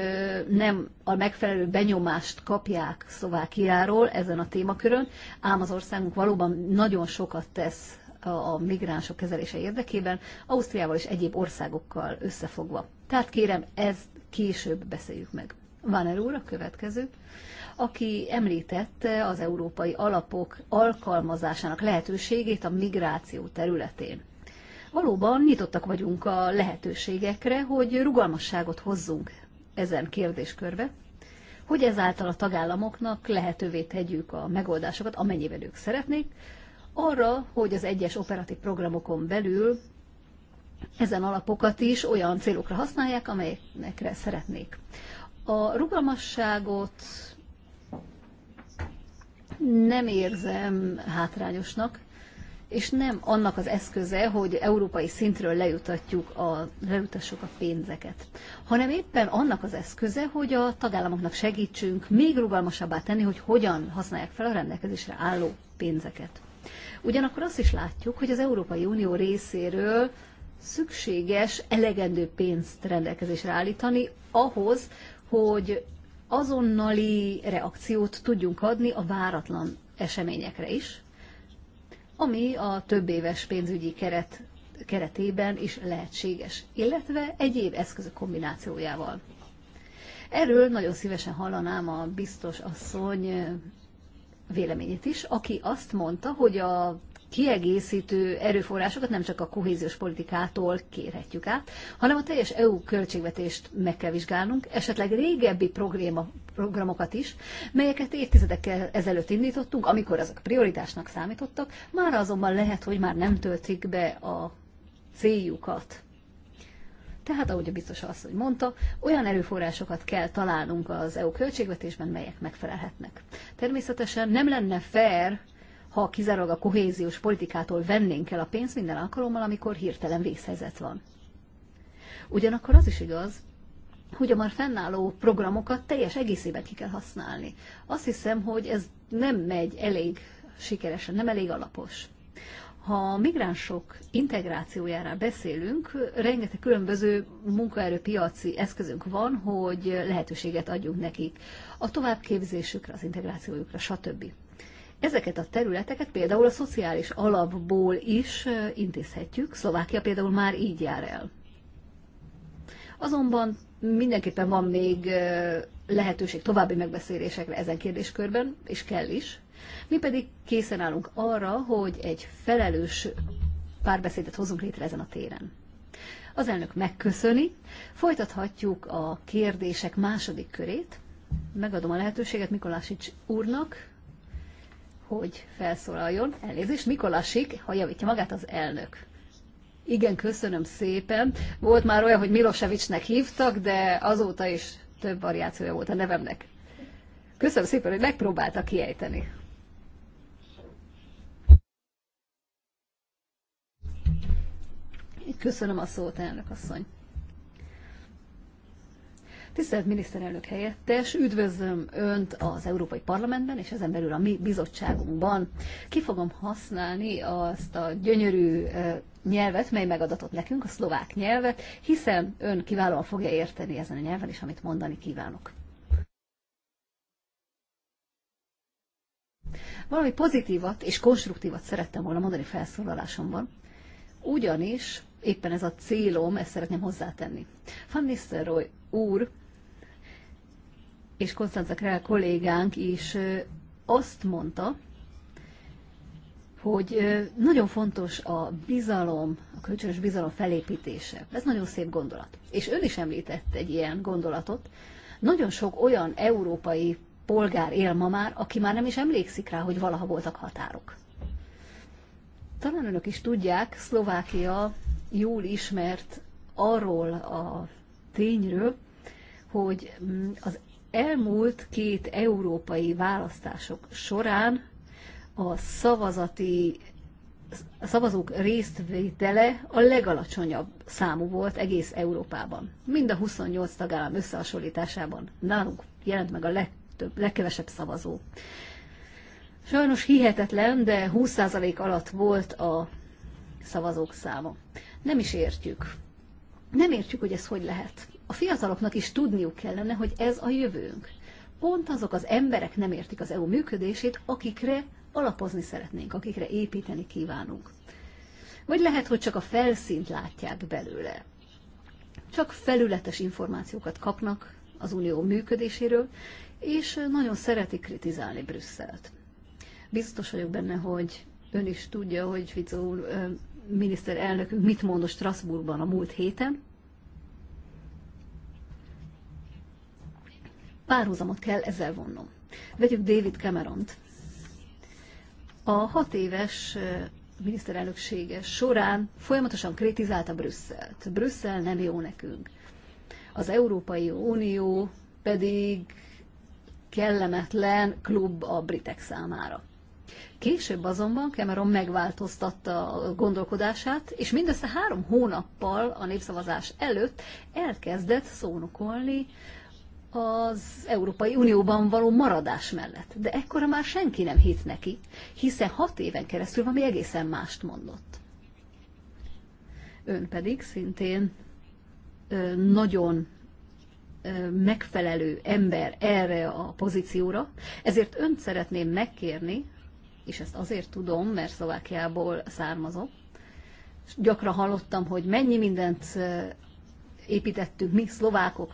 nem a megfelelő benyomást kapják Szlovákiáról ezen a témakörön, ám az országunk valóban nagyon sokat tesz a migránsok kezelése érdekében, Ausztriával és egyéb országokkal összefogva. Tehát kérem, ezt később beszéljük meg. el úr, a következő, aki említette az európai alapok alkalmazásának lehetőségét a migráció területén. Valóban nyitottak vagyunk a lehetőségekre, hogy rugalmasságot hozzunk ezen kérdéskörbe, hogy ezáltal a tagállamoknak lehetővé tegyük a megoldásokat, amennyiben ők szeretnék, arra, hogy az egyes operatív programokon belül ezen alapokat is olyan célokra használják, amelyekre szeretnék. A rugalmasságot nem érzem hátrányosnak, és nem annak az eszköze, hogy európai szintről lejutatjuk a, lejutassuk a pénzeket, hanem éppen annak az eszköze, hogy a tagállamoknak segítsünk még rugalmasabbá tenni, hogy hogyan használják fel a rendelkezésre álló pénzeket. Ugyanakkor azt is látjuk, hogy az Európai Unió részéről szükséges elegendő pénzt rendelkezésre állítani ahhoz, hogy azonnali reakciót tudjunk adni a váratlan eseményekre is, ami a több éves pénzügyi keret keretében is lehetséges, illetve egyéb eszközök kombinációjával. Erről nagyon szívesen hallanám a biztos asszony véleményét is, aki azt mondta, hogy a kiegészítő erőforrásokat nem csak a kohéziós politikától kérhetjük át, hanem a teljes EU költségvetést meg kell vizsgálnunk, esetleg régebbi probléma, programokat is, melyeket évtizedekkel ezelőtt indítottunk, amikor azok prioritásnak számítottak, már azonban lehet, hogy már nem töltik be a céljukat. Tehát, ahogy a biztos asszony mondta, olyan erőforrásokat kell találnunk az EU költségvetésben, melyek megfelelhetnek. Természetesen nem lenne fair ha kizárólag a kohéziós politikától vennénk el a pénzt minden alkalommal, amikor hirtelen vészhelyzet van. Ugyanakkor az is igaz, hogy a már fennálló programokat teljes egészében ki kell használni. Azt hiszem, hogy ez nem megy elég sikeresen, nem elég alapos. Ha a migránsok integrációjára beszélünk, rengeteg különböző munkaerőpiaci eszközünk van, hogy lehetőséget adjunk nekik a továbbképzésükre, az integrációjukra, stb. Ezeket a területeket például a szociális alapból is intézhetjük, Szlovákia például már így jár el. Azonban mindenképpen van még lehetőség további megbeszélésekre ezen kérdéskörben, és kell is. Mi pedig készen állunk arra, hogy egy felelős párbeszédet hozunk létre ezen a téren. Az elnök megköszöni, folytathatjuk a kérdések második körét. Megadom a lehetőséget Mikolásics úrnak, hogy felszólaljon. Elnézést, Mikolasik, ha javítja magát az elnök. Igen, köszönöm szépen. Volt már olyan, hogy Milosevicnek hívtak, de azóta is több variációja volt a nevemnek. Köszönöm szépen, hogy megpróbálta kiejteni. Köszönöm a szót, elnök asszony. Tisztelt miniszterelnök helyettes, üdvözlöm Önt az Európai Parlamentben, és ezen belül a mi bizottságunkban. Ki fogom használni azt a gyönyörű nyelvet, mely megadatott nekünk, a szlovák nyelvet, hiszen Ön kiválóan fogja érteni ezen a nyelven, és amit mondani kívánok. Valami pozitívat és konstruktívat szerettem volna mondani felszólalásomban, ugyanis éppen ez a célom, ezt szeretném hozzátenni. Van Nistelrooy úr és Konstanza Král kollégánk is azt mondta, hogy nagyon fontos a bizalom, a kölcsönös bizalom felépítése. Ez nagyon szép gondolat. És ön is említett egy ilyen gondolatot. Nagyon sok olyan európai polgár él ma már, aki már nem is emlékszik rá, hogy valaha voltak határok. Talán önök is tudják, Szlovákia jól ismert arról a tényről, hogy mm, az elmúlt két európai választások során a szavazati a szavazók résztvétele a legalacsonyabb számú volt egész Európában. Mind a 28 tagállam összehasonlításában nálunk jelent meg a legtöbb, legkevesebb szavazó. Sajnos hihetetlen, de 20% alatt volt a szavazók száma. Nem is értjük. Nem értjük, hogy ez hogy lehet a fiataloknak is tudniuk kellene, hogy ez a jövőnk. Pont azok az emberek nem értik az EU működését, akikre alapozni szeretnénk, akikre építeni kívánunk. Vagy lehet, hogy csak a felszínt látják belőle. Csak felületes információkat kapnak az unió működéséről, és nagyon szeretik kritizálni Brüsszelt. Biztos vagyok benne, hogy ön is tudja, hogy Fico úr miniszterelnökünk mit mondott Strasbourgban a múlt héten, párhuzamot kell ezzel vonnom. Vegyük David Cameront. A hat éves miniszterelnöksége során folyamatosan kritizálta Brüsszelt. Brüsszel nem jó nekünk. Az Európai Unió pedig kellemetlen klub a britek számára. Később azonban Cameron megváltoztatta a gondolkodását, és mindössze három hónappal a népszavazás előtt elkezdett szónokolni az Európai Unióban való maradás mellett. De ekkora már senki nem hitt neki, hiszen hat éven keresztül valami egészen mást mondott. Ön pedig szintén ö, nagyon ö, megfelelő ember erre a pozícióra, ezért önt szeretném megkérni, és ezt azért tudom, mert Szlovákiából származom, gyakran hallottam, hogy mennyi mindent építettünk mi szlovákok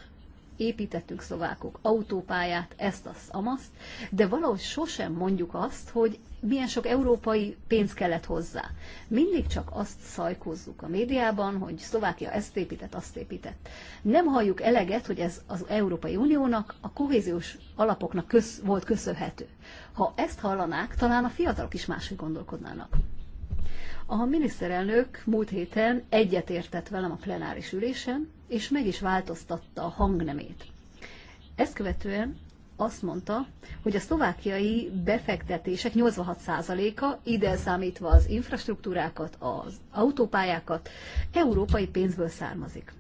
építettünk szlovákok autópályát, ezt, azt, amazt, de valahogy sosem mondjuk azt, hogy milyen sok európai pénz kellett hozzá. Mindig csak azt szajkozzuk a médiában, hogy Szlovákia ezt épített, azt épített. Nem halljuk eleget, hogy ez az Európai Uniónak, a kohéziós alapoknak köz, volt köszönhető. Ha ezt hallanák, talán a fiatalok is máshogy gondolkodnának. A miniszterelnök múlt héten egyetértett velem a plenáris ülésen, és meg is változtatta a hangnemét. Ezt követően azt mondta, hogy a szlovákiai befektetések 86%-a, ide számítva az infrastruktúrákat, az autópályákat, európai pénzből származik.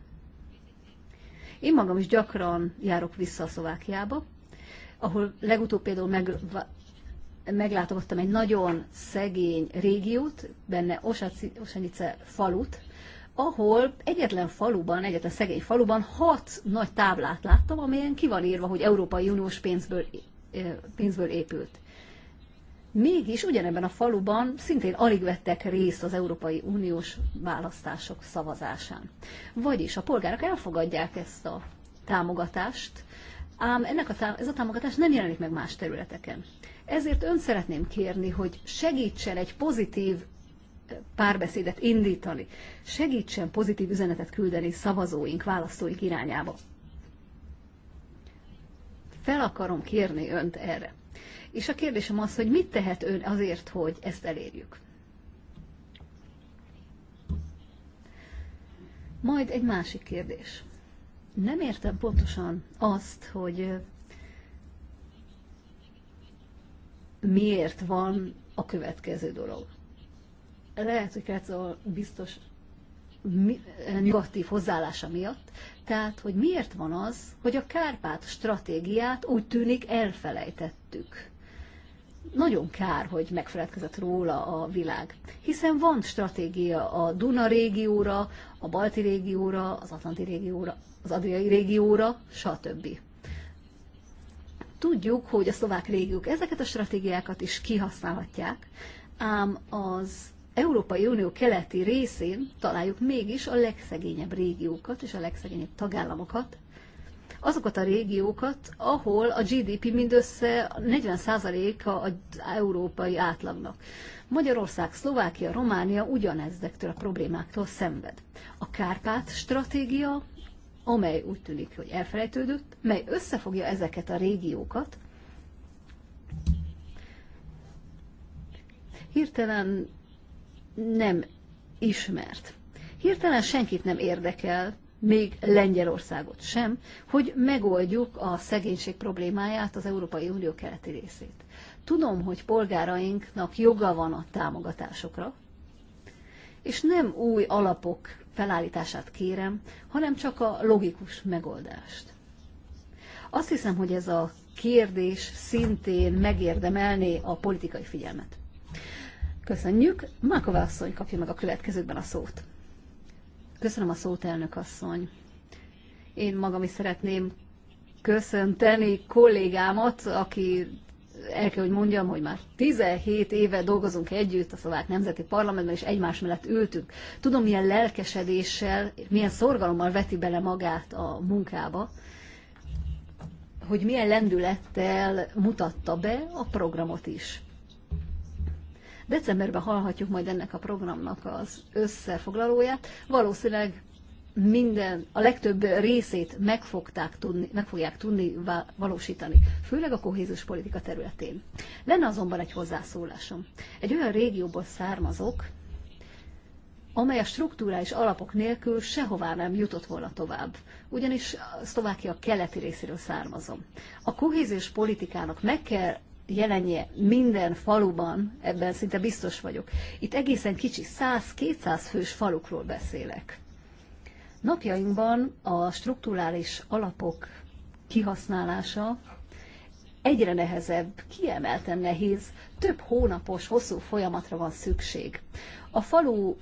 Én magam is gyakran járok vissza a Szlovákiába, ahol legutóbb például meg, meglátogattam egy nagyon szegény régiót, benne Osanice falut, ahol egyetlen faluban, egyetlen szegény faluban hat nagy táblát láttam, amelyen ki van írva, hogy Európai Uniós pénzből, pénzből épült. Mégis ugyanebben a faluban szintén alig vettek részt az Európai Uniós választások szavazásán. Vagyis a polgárok elfogadják ezt a támogatást, ám ennek a tá- ez a támogatás nem jelenik meg más területeken. Ezért ön szeretném kérni, hogy segítsen egy pozitív eh, párbeszédet indítani, segítsen pozitív üzenetet küldeni szavazóink, választóink irányába. Fel akarom kérni önt erre. És a kérdésem az, hogy mit tehet ön azért, hogy ezt elérjük. Majd egy másik kérdés. Nem értem pontosan azt, hogy eh, miért van a következő dolog. Lehet, hogy a biztos negatív hozzáállása miatt, tehát, hogy miért van az, hogy a Kárpát stratégiát úgy tűnik elfelejtettük. Nagyon kár, hogy megfeledkezett róla a világ, hiszen van stratégia a Duna régióra, a Balti régióra, az Atlanti régióra, az Adriai régióra, stb. Tudjuk, hogy a szlovák régiók ezeket a stratégiákat is kihasználhatják, ám az Európai Unió keleti részén találjuk mégis a legszegényebb régiókat és a legszegényebb tagállamokat, azokat a régiókat, ahol a GDP mindössze 40%-a az európai átlagnak. Magyarország, Szlovákia, Románia ugyanezektől a problémáktól szenved. A Kárpát stratégia amely úgy tűnik, hogy elfelejtődött, mely összefogja ezeket a régiókat. Hirtelen nem ismert. Hirtelen senkit nem érdekel, még Lengyelországot sem, hogy megoldjuk a szegénység problémáját az Európai Unió keleti részét. Tudom, hogy polgárainknak joga van a támogatásokra, és nem új alapok felállítását kérem, hanem csak a logikus megoldást. Azt hiszem, hogy ez a kérdés szintén megérdemelné a politikai figyelmet. Köszönjük. Mákova asszony kapja meg a következőkben a szót. Köszönöm a szót, elnök asszony. Én magam is szeretném köszönteni kollégámat, aki el kell, hogy mondjam, hogy már 17 éve dolgozunk együtt a szlovák nemzeti parlamentben, és egymás mellett ültünk. Tudom, milyen lelkesedéssel, milyen szorgalommal veti bele magát a munkába, hogy milyen lendülettel mutatta be a programot is. Decemberben hallhatjuk majd ennek a programnak az összefoglalóját. Valószínűleg minden, a legtöbb részét meg, fogták tudni, meg fogják tudni valósítani, főleg a kohézus politika területén. Lenne azonban egy hozzászólásom. Egy olyan régióból származok, amely a struktúrális alapok nélkül sehová nem jutott volna tovább, ugyanis Szlovákia keleti részéről származom. A kohéziós politikának meg kell jelenje minden faluban, ebben szinte biztos vagyok. Itt egészen kicsi 100-200 fős falukról beszélek. Napjainkban a strukturális alapok kihasználása egyre nehezebb, kiemelten nehéz, több hónapos, hosszú folyamatra van szükség. A falu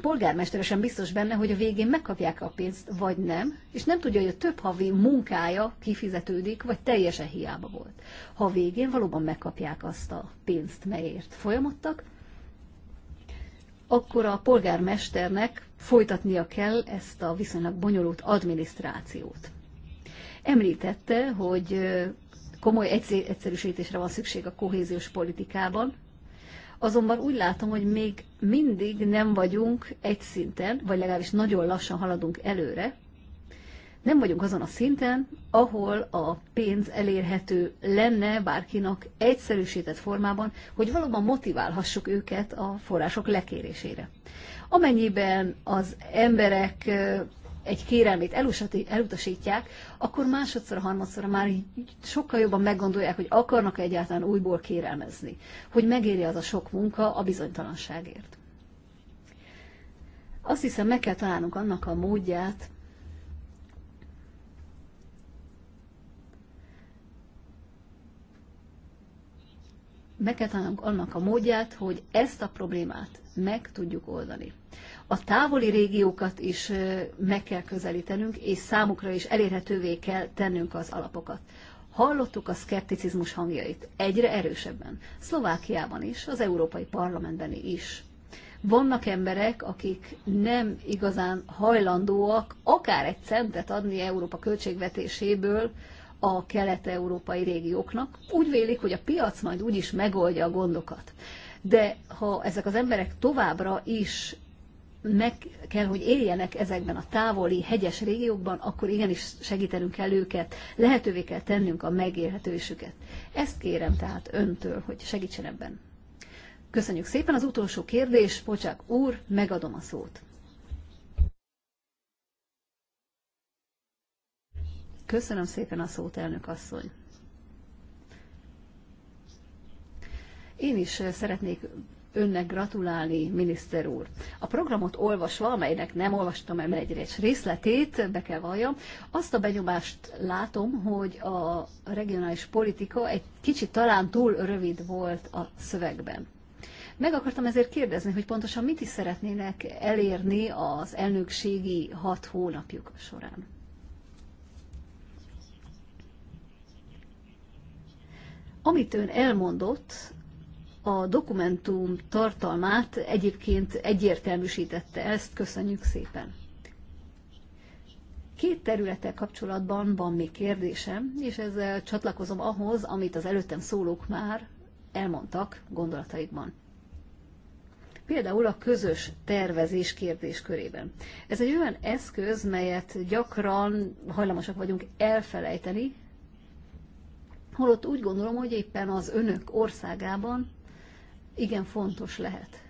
polgármesteresen biztos benne, hogy a végén megkapják a pénzt, vagy nem, és nem tudja, hogy a több havi munkája kifizetődik, vagy teljesen hiába volt. Ha a végén valóban megkapják azt a pénzt, melyért folyamodtak, akkor a polgármesternek folytatnia kell ezt a viszonylag bonyolult adminisztrációt. Említette, hogy komoly egyszerűsítésre van szükség a kohéziós politikában, azonban úgy látom, hogy még mindig nem vagyunk egy szinten, vagy legalábbis nagyon lassan haladunk előre, nem vagyunk azon a szinten, ahol a pénz elérhető lenne bárkinak egyszerűsített formában, hogy valóban motiválhassuk őket a források lekérésére. Amennyiben az emberek egy kérelmét elutasítják, akkor másodszor, harmadszor már sokkal jobban meggondolják, hogy akarnak -e egyáltalán újból kérelmezni, hogy megéri az a sok munka a bizonytalanságért. Azt hiszem, meg kell találnunk annak a módját, meg kell találnunk annak a módját, hogy ezt a problémát meg tudjuk oldani. A távoli régiókat is meg kell közelítenünk, és számukra is elérhetővé kell tennünk az alapokat. Hallottuk a szkepticizmus hangjait egyre erősebben, Szlovákiában is, az Európai Parlamentben is. Vannak emberek, akik nem igazán hajlandóak akár egy centet adni Európa költségvetéséből a kelet-európai régióknak. Úgy vélik, hogy a piac majd úgyis megoldja a gondokat. De ha ezek az emberek továbbra is meg kell, hogy éljenek ezekben a távoli, hegyes régiókban, akkor igenis segítenünk kell őket, lehetővé kell tennünk a megélhetősüket. Ezt kérem tehát öntől, hogy segítsen ebben. Köszönjük szépen az utolsó kérdés, Pocsák úr, megadom a szót. Köszönöm szépen a szót, elnök asszony. Én is szeretnék önnek gratulálni, miniszter úr. A programot olvasva, amelynek nem olvastam el egy részletét, be kell valljam, azt a benyomást látom, hogy a regionális politika egy kicsit talán túl rövid volt a szövegben. Meg akartam ezért kérdezni, hogy pontosan mit is szeretnének elérni az elnökségi hat hónapjuk során. Amit ön elmondott, a dokumentum tartalmát egyébként egyértelműsítette. Ezt köszönjük szépen. Két területtel kapcsolatban van még kérdésem, és ezzel csatlakozom ahhoz, amit az előttem szólók már elmondtak gondolataikban. Például a közös tervezés kérdés körében. Ez egy olyan eszköz, melyet gyakran hajlamosak vagyunk elfelejteni, Holott úgy gondolom, hogy éppen az önök országában igen fontos lehet.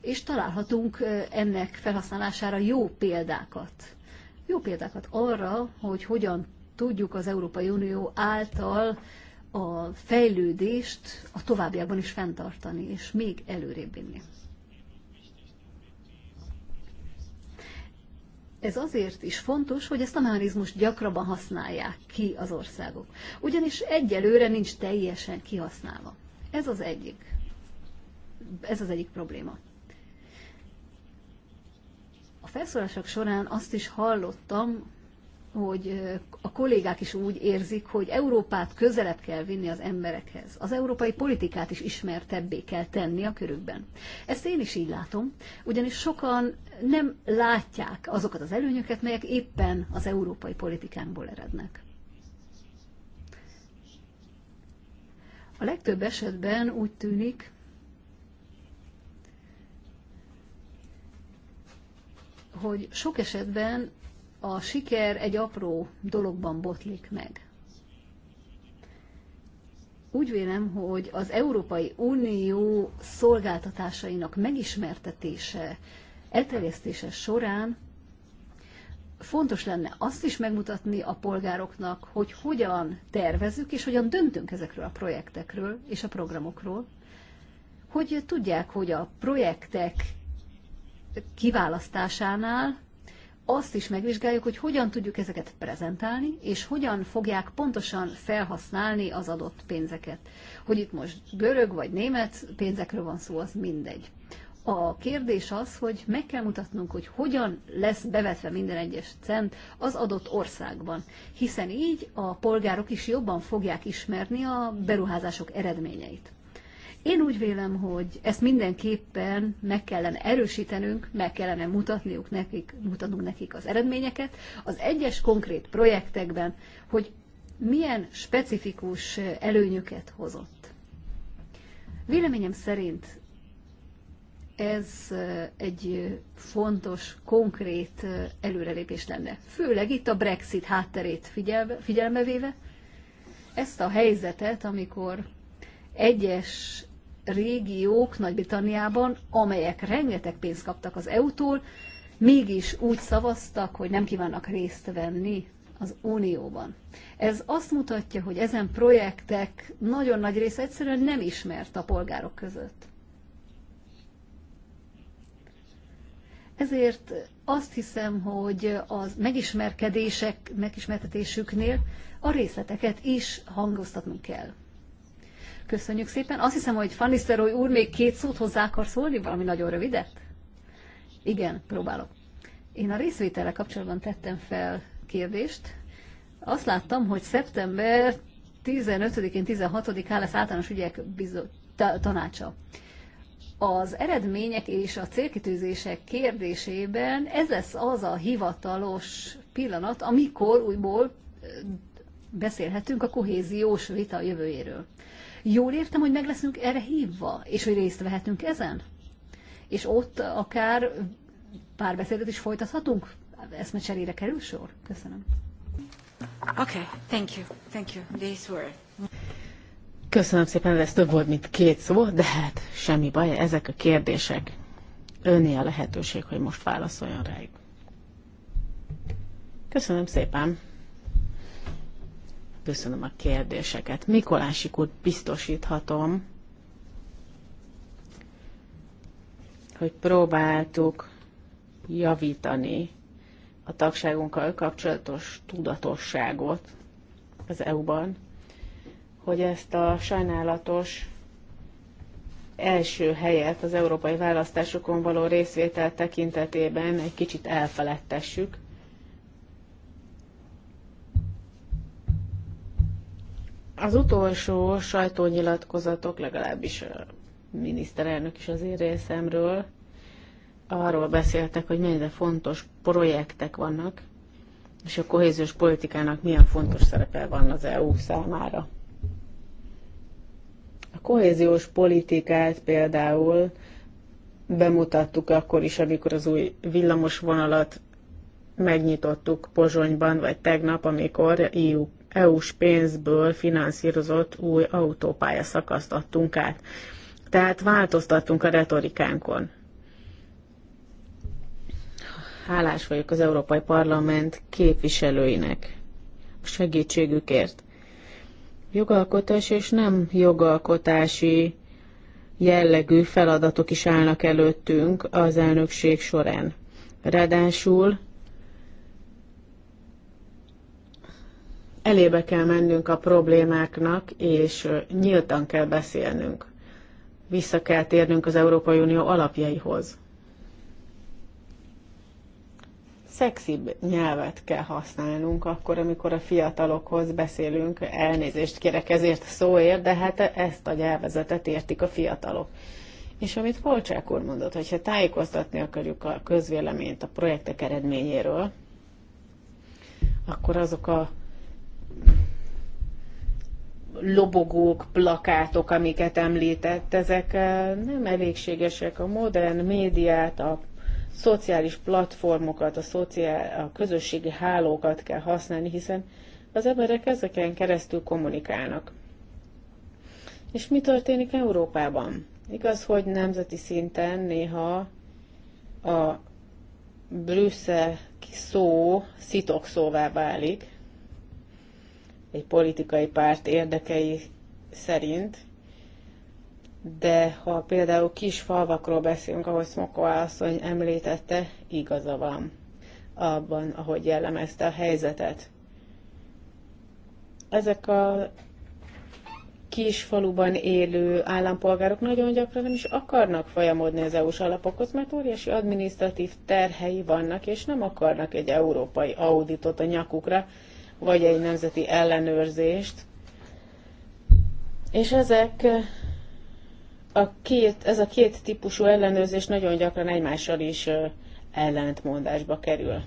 És találhatunk ennek felhasználására jó példákat. Jó példákat arra, hogy hogyan tudjuk az Európai Unió által a fejlődést a továbbiakban is fenntartani, és még előrébb vinni. Ez azért is fontos, hogy ezt a mechanizmust gyakrabban használják ki az országok. Ugyanis egyelőre nincs teljesen kihasználva. Ez az egyik. Ez az egyik probléma. A felszólások során azt is hallottam, hogy a kollégák is úgy érzik, hogy Európát közelebb kell vinni az emberekhez. Az európai politikát is ismertebbé kell tenni a körükben. Ezt én is így látom, ugyanis sokan nem látják azokat az előnyöket, melyek éppen az európai politikánkból erednek. A legtöbb esetben úgy tűnik, hogy sok esetben a siker egy apró dologban botlik meg. Úgy vélem, hogy az Európai Unió szolgáltatásainak megismertetése, elterjesztése során fontos lenne azt is megmutatni a polgároknak, hogy hogyan tervezünk és hogyan döntünk ezekről a projektekről és a programokról, hogy tudják, hogy a projektek kiválasztásánál azt is megvizsgáljuk, hogy hogyan tudjuk ezeket prezentálni, és hogyan fogják pontosan felhasználni az adott pénzeket. Hogy itt most görög vagy német pénzekről van szó, az mindegy. A kérdés az, hogy meg kell mutatnunk, hogy hogyan lesz bevetve minden egyes cent az adott országban, hiszen így a polgárok is jobban fogják ismerni a beruházások eredményeit. Én úgy vélem, hogy ezt mindenképpen meg kellene erősítenünk, meg kellene mutatniuk nekik, mutatnunk nekik az eredményeket az egyes konkrét projektekben, hogy milyen specifikus előnyöket hozott. Véleményem szerint ez egy fontos, konkrét előrelépés lenne. Főleg itt a Brexit hátterét figyelme, figyelembe véve, ezt a helyzetet, amikor egyes régiók Nagy-Britanniában, amelyek rengeteg pénzt kaptak az EU-tól, mégis úgy szavaztak, hogy nem kívánnak részt venni az Unióban. Ez azt mutatja, hogy ezen projektek nagyon nagy része egyszerűen nem ismert a polgárok között. Ezért azt hiszem, hogy az megismerkedések, megismertetésüknél a részleteket is hangoztatnunk kell. Köszönjük szépen. Azt hiszem, hogy Fanniszteroy úr még két szót hozzá akar szólni, valami nagyon rövidet? Igen, próbálok. Én a részvételre kapcsolatban tettem fel kérdést. Azt láttam, hogy szeptember 15-én, 16-án lesz általános ügyek tanácsa. Az eredmények és a célkitűzések kérdésében ez lesz az a hivatalos pillanat, amikor újból beszélhetünk a kohéziós vita jövőjéről. Jól értem, hogy meg leszünk erre hívva, és hogy részt vehetünk ezen? És ott akár párbeszédet is folytathatunk? Eszmecserére kerül sor? Köszönöm. Okay, thank you, thank you. These were... Köszönöm szépen, ez több volt, mint két szó, de hát semmi baj, ezek a kérdések. Önné a lehetőség, hogy most válaszoljon rájuk. Köszönöm szépen. Köszönöm a kérdéseket. Mikolásik úr biztosíthatom, hogy próbáltuk javítani a tagságunkkal kapcsolatos tudatosságot az EU-ban, hogy ezt a sajnálatos első helyet az európai választásokon való részvétel tekintetében egy kicsit elfeledtessük, Az utolsó sajtónyilatkozatok, legalábbis a miniszterelnök is az én részemről, arról beszéltek, hogy mennyire fontos projektek vannak, és a kohéziós politikának milyen fontos szerepe van az EU számára. A kohéziós politikát például bemutattuk akkor is, amikor az új villamos vonalat megnyitottuk Pozsonyban, vagy tegnap, amikor EU EU-s pénzből finanszírozott új autópálya szakaszt adtunk át. Tehát változtattunk a retorikánkon. Hálás vagyok az Európai Parlament képviselőinek a segítségükért. Jogalkotás és nem jogalkotási jellegű feladatok is állnak előttünk az elnökség során. Ráadásul elébe kell mennünk a problémáknak, és nyíltan kell beszélnünk. Vissza kell térnünk az Európai Unió alapjaihoz. Szexibb nyelvet kell használnunk akkor, amikor a fiatalokhoz beszélünk. Elnézést kérek ezért szóért, de hát ezt a nyelvezetet értik a fiatalok. És amit Polcsák úr mondott, hogyha tájékoztatni akarjuk a közvéleményt a projektek eredményéről, akkor azok a lobogók, plakátok, amiket említett, ezek eh, nem elégségesek. A modern médiát, a szociális platformokat, a, szociál, a közösségi hálókat kell használni, hiszen az emberek ezeken keresztül kommunikálnak. És mi történik Európában? Igaz, hogy nemzeti szinten néha a Brüsszel szó szitok szóvá válik, egy politikai párt érdekei szerint, de ha például kis falvakról beszélünk, ahogy Smokova asszony említette, igaza van abban, ahogy jellemezte a helyzetet. Ezek a kis faluban élő állampolgárok nagyon gyakran nem is akarnak folyamodni az EU-s alapokhoz, mert óriási adminisztratív terhei vannak, és nem akarnak egy európai auditot a nyakukra, vagy egy nemzeti ellenőrzést. És ezek eh, a két, ez a két típusú ellenőrzés nagyon gyakran egymással is eh, ellentmondásba kerül.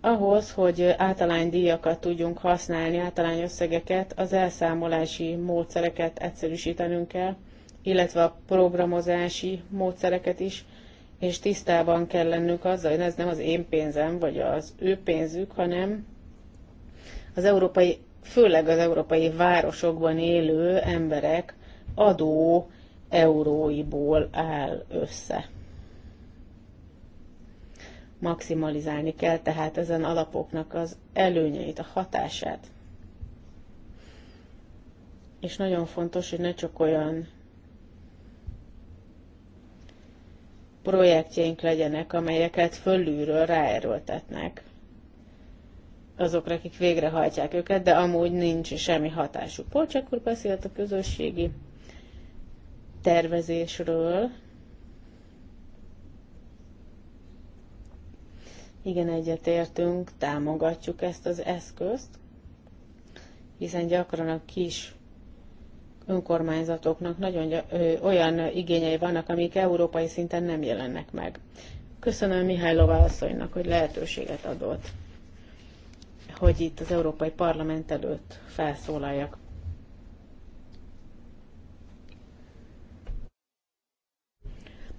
Ahhoz, hogy általány díjakat tudjunk használni, általány összegeket, az elszámolási módszereket egyszerűsítenünk kell, illetve a programozási módszereket is, és tisztában kell lennünk azzal, hogy ez nem az én pénzem, vagy az ő pénzük, hanem az európai, főleg az európai városokban élő emberek adó euróiból áll össze. Maximalizálni kell tehát ezen alapoknak az előnyeit, a hatását. És nagyon fontos, hogy ne csak olyan projektjeink legyenek, amelyeket fölülről ráerőltetnek azokra, akik végrehajtják őket, de amúgy nincs semmi hatásuk. Polcsák úr beszélt a közösségi tervezésről. Igen, egyetértünk, támogatjuk ezt az eszközt, hiszen gyakran a kis önkormányzatoknak nagyon olyan igényei vannak, amik európai szinten nem jelennek meg. Köszönöm Mihály asszonynak, hogy lehetőséget adott, hogy itt az Európai Parlament előtt felszólaljak.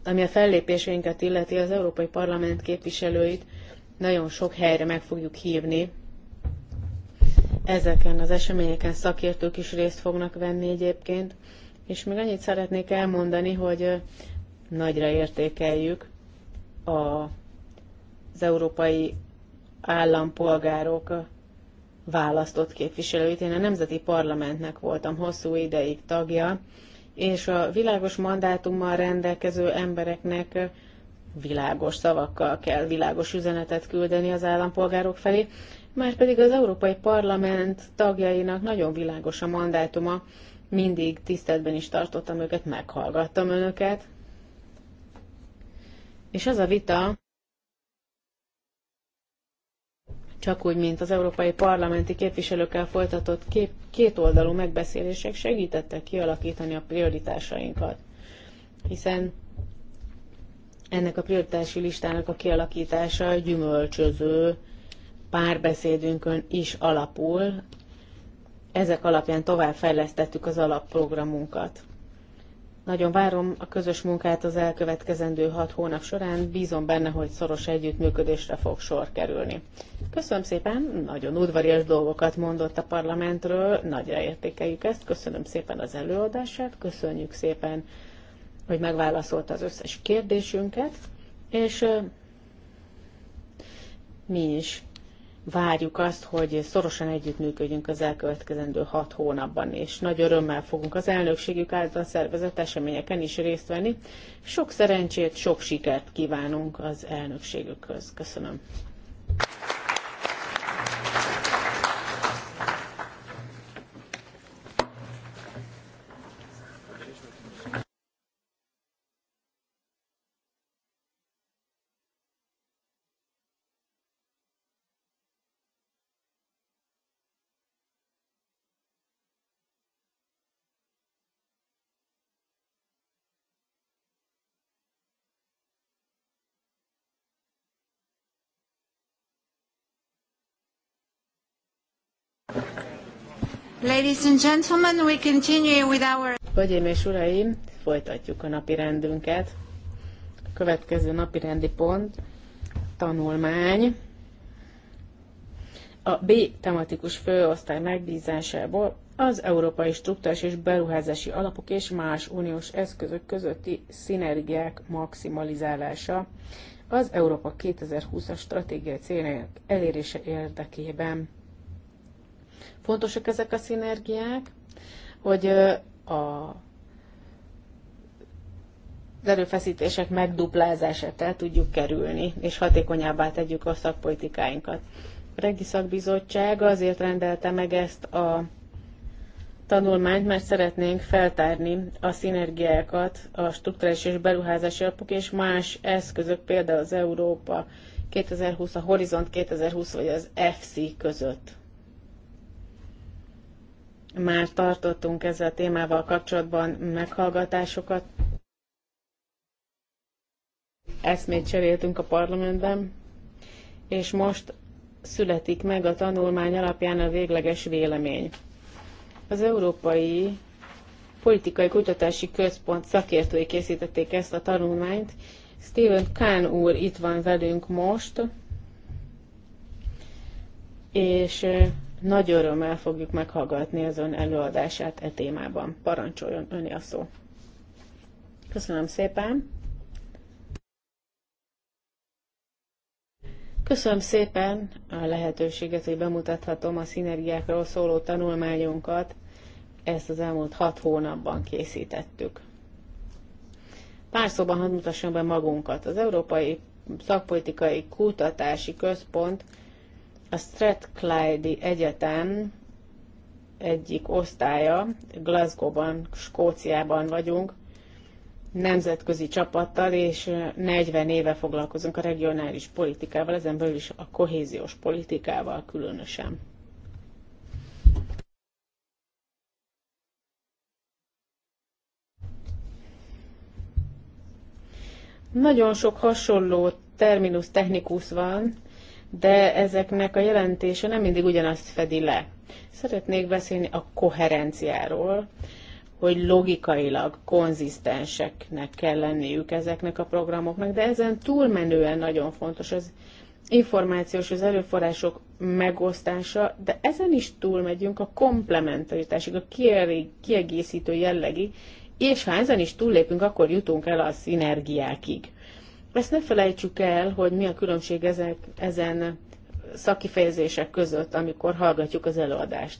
Ami a fellépéseinket illeti, az Európai Parlament képviselőit nagyon sok helyre meg fogjuk hívni, Ezeken az eseményeken szakértők is részt fognak venni egyébként, és még annyit szeretnék elmondani, hogy nagyra értékeljük a, az európai állampolgárok választott képviselőit. Én a Nemzeti Parlamentnek voltam hosszú ideig tagja, és a világos mandátummal rendelkező embereknek világos szavakkal kell világos üzenetet küldeni az állampolgárok felé, pedig az Európai Parlament tagjainak nagyon világos a mandátuma, mindig tiszteletben is tartottam őket, meghallgattam önöket. És az a vita, csak úgy, mint az európai parlamenti képviselőkkel folytatott kép, kétoldalú megbeszélések segítettek kialakítani a prioritásainkat. Hiszen ennek a prioritási listának a kialakítása gyümölcsöző párbeszédünkön is alapul. Ezek alapján továbbfejlesztettük az alapprogramunkat. Nagyon várom a közös munkát az elkövetkezendő hat hónap során, bízom benne, hogy szoros együttműködésre fog sor kerülni. Köszönöm szépen, nagyon udvarias dolgokat mondott a parlamentről, nagyra értékeljük ezt, köszönöm szépen az előadását, köszönjük szépen, hogy megválaszolta az összes kérdésünket, és mi is várjuk azt, hogy szorosan együttműködjünk az elkövetkezendő hat hónapban, és nagy örömmel fogunk az elnökségük által szervezett eseményeken is részt venni. Sok szerencsét, sok sikert kívánunk az elnökségükhöz. Köszönöm. Ladies and gentlemen, we continue with our... Hölgyeim és uraim, folytatjuk a napi rendünket. A következő napi rendi pont, tanulmány. A B tematikus főosztály megbízásából az Európai Struktúrás és Beruházási Alapok és más uniós eszközök közötti szinergiák maximalizálása az Európa 2020-as stratégiai céljának elérése érdekében fontosak ezek a szinergiák, hogy a az erőfeszítések megduplázását el tudjuk kerülni, és hatékonyabbá tegyük a szakpolitikáinkat. A Regi Szakbizottság azért rendelte meg ezt a tanulmányt, mert szeretnénk feltárni a szinergiákat a strukturális és beruházási alapok és más eszközök, például az Európa 2020, a Horizont 2020 vagy az EFSI között. Már tartottunk ezzel a témával kapcsolatban meghallgatásokat. Eszmét cseréltünk a parlamentben, és most születik meg a tanulmány alapján a végleges vélemény. Az Európai Politikai Kutatási Központ szakértői készítették ezt a tanulmányt. Steven Kahn úr itt van velünk most, és nagy örömmel fogjuk meghallgatni az ön előadását e témában. Parancsoljon öni a szó. Köszönöm szépen. Köszönöm szépen a lehetőséget, hogy bemutathatom a szinergiákról szóló tanulmányunkat. Ezt az elmúlt hat hónapban készítettük. Pár szóban hadd mutassam be magunkat. Az Európai Szakpolitikai Kutatási Központ a Strathclyde Egyetem egyik osztálya, Glasgow-ban, Skóciában vagyunk, nemzetközi csapattal, és 40 éve foglalkozunk a regionális politikával, ezen belül is a kohéziós politikával különösen. Nagyon sok hasonló terminus technikus van, de ezeknek a jelentése nem mindig ugyanazt fedi le. Szeretnék beszélni a koherenciáról, hogy logikailag konzisztenseknek kell lenniük ezeknek a programoknak, de ezen túlmenően nagyon fontos az információs, az erőforrások megosztása, de ezen is túlmegyünk a komplementaritásig, a kiegészítő jellegi, és ha ezen is túllépünk, akkor jutunk el a szinergiákig. Ezt ne felejtsük el, hogy mi a különbség ezek, ezen szakifejezések között, amikor hallgatjuk az előadást.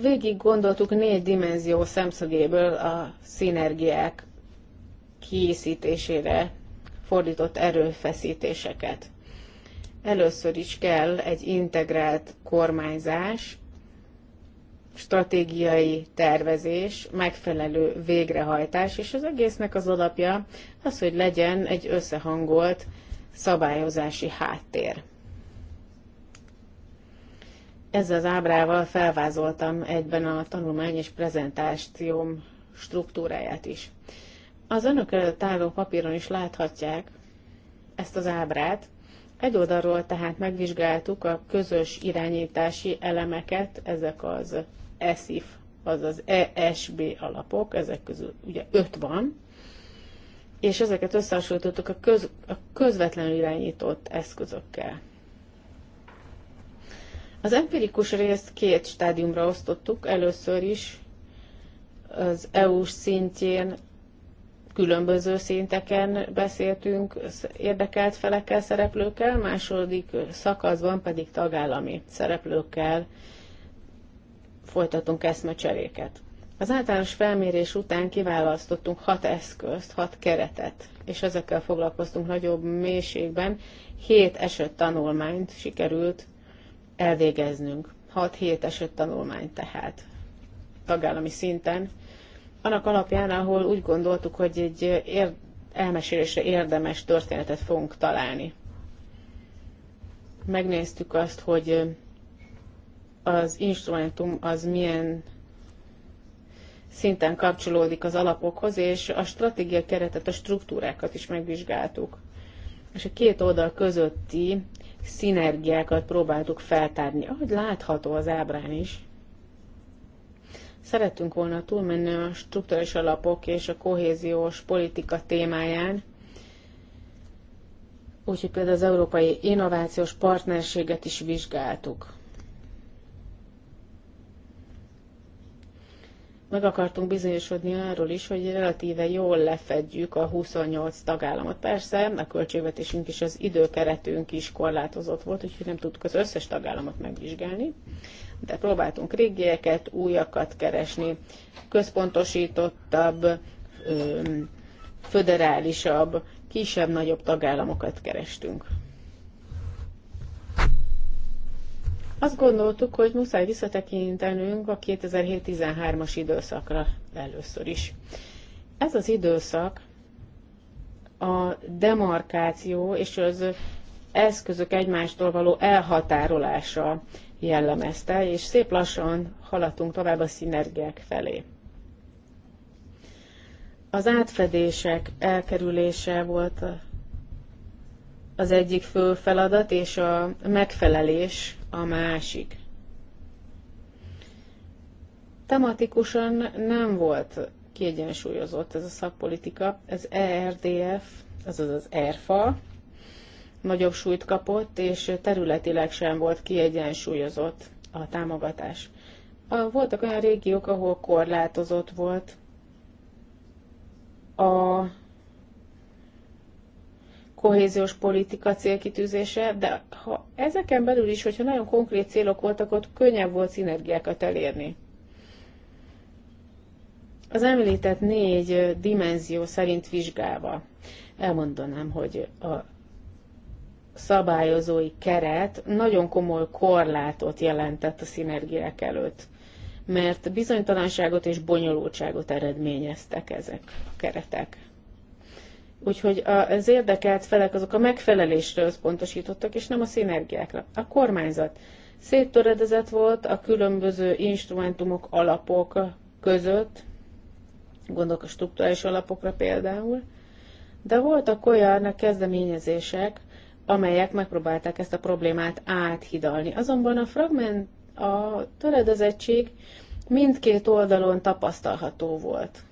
Végig gondoltuk négy dimenzió szemszögéből a szinergiák kiészítésére fordított erőfeszítéseket. Először is kell egy integrált kormányzás, stratégiai tervezés, megfelelő végrehajtás, és az egésznek az alapja az, hogy legyen egy összehangolt szabályozási háttér. Ezzel az ábrával felvázoltam egyben a tanulmány és prezentációm struktúráját is. Az önök előtt álló papíron is láthatják ezt az ábrát. Egy oldalról tehát megvizsgáltuk a közös irányítási elemeket, ezek az ESIF, azaz ESB alapok, ezek közül ugye öt van, és ezeket összehasonlítottuk a, köz, a közvetlenül irányított eszközökkel. Az empirikus részt két stádiumra osztottuk. Először is az EU-s szintjén különböző szinteken beszéltünk érdekelt felekkel, szereplőkkel, második szakaszban pedig tagállami szereplőkkel folytatunk eszmecseréket. Az általános felmérés után kiválasztottunk hat eszközt, hat keretet, és ezekkel foglalkoztunk nagyobb mélységben. Hét eset tanulmányt sikerült elvégeznünk. Hat-hét eset tanulmány tehát tagállami szinten. Annak alapján, ahol úgy gondoltuk, hogy egy ér- elmesélésre érdemes történetet fogunk találni. Megnéztük azt, hogy az instrumentum az milyen szinten kapcsolódik az alapokhoz, és a stratégia keretet, a struktúrákat is megvizsgáltuk. És a két oldal közötti szinergiákat próbáltuk feltárni, ahogy látható az ábrán is. Szerettünk volna túlmenni a struktúrális alapok és a kohéziós politika témáján, úgyhogy például az Európai Innovációs Partnerséget is vizsgáltuk. meg akartunk bizonyosodni arról is, hogy relatíve jól lefedjük a 28 tagállamot. Persze a költségvetésünk is, az időkeretünk is korlátozott volt, úgyhogy nem tudtuk az összes tagállamot megvizsgálni, de próbáltunk régieket, újakat keresni, központosítottabb, föderálisabb, kisebb-nagyobb tagállamokat kerestünk. Azt gondoltuk, hogy muszáj visszatekintenünk a 2007-13-as időszakra először is. Ez az időszak a demarkáció és az eszközök egymástól való elhatárolása jellemezte, és szép lassan haladtunk tovább a szinergiák felé. Az átfedések elkerülése volt az egyik fő feladat, és a megfelelés a másik. Tematikusan nem volt kiegyensúlyozott ez a szakpolitika. Ez ERDF, azaz az ERFA, nagyobb súlyt kapott, és területileg sem volt kiegyensúlyozott a támogatás. Voltak olyan régiók, ahol korlátozott volt a kohéziós politika célkitűzése, de ha ezeken belül is, hogyha nagyon konkrét célok voltak, ott könnyebb volt szinergiákat elérni. Az említett négy dimenzió szerint vizsgálva elmondanám, hogy a szabályozói keret nagyon komoly korlátot jelentett a szinergiák előtt, mert bizonytalanságot és bonyolultságot eredményeztek ezek a keretek. Úgyhogy az érdekelt felek azok a megfelelésre összpontosítottak, és nem a szinergiákra. A kormányzat széttöredezett volt a különböző instrumentumok, alapok között, gondolok a struktúrális alapokra például, de voltak olyan kezdeményezések, amelyek megpróbálták ezt a problémát áthidalni. Azonban a fragment, a töredezettség mindkét oldalon tapasztalható volt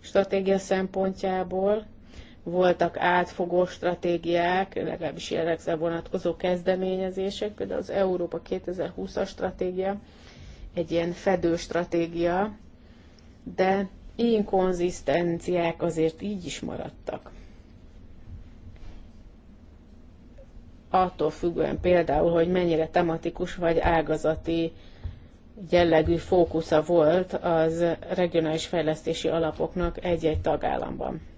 stratégia szempontjából. Voltak átfogó stratégiák, legalábbis jellegzel vonatkozó kezdeményezések, például az Európa 2020-as stratégia, egy ilyen fedő stratégia, de inkonzisztenciák azért így is maradtak. Attól függően például, hogy mennyire tematikus vagy ágazati jellegű fókusza volt az regionális fejlesztési alapoknak egy-egy tagállamban.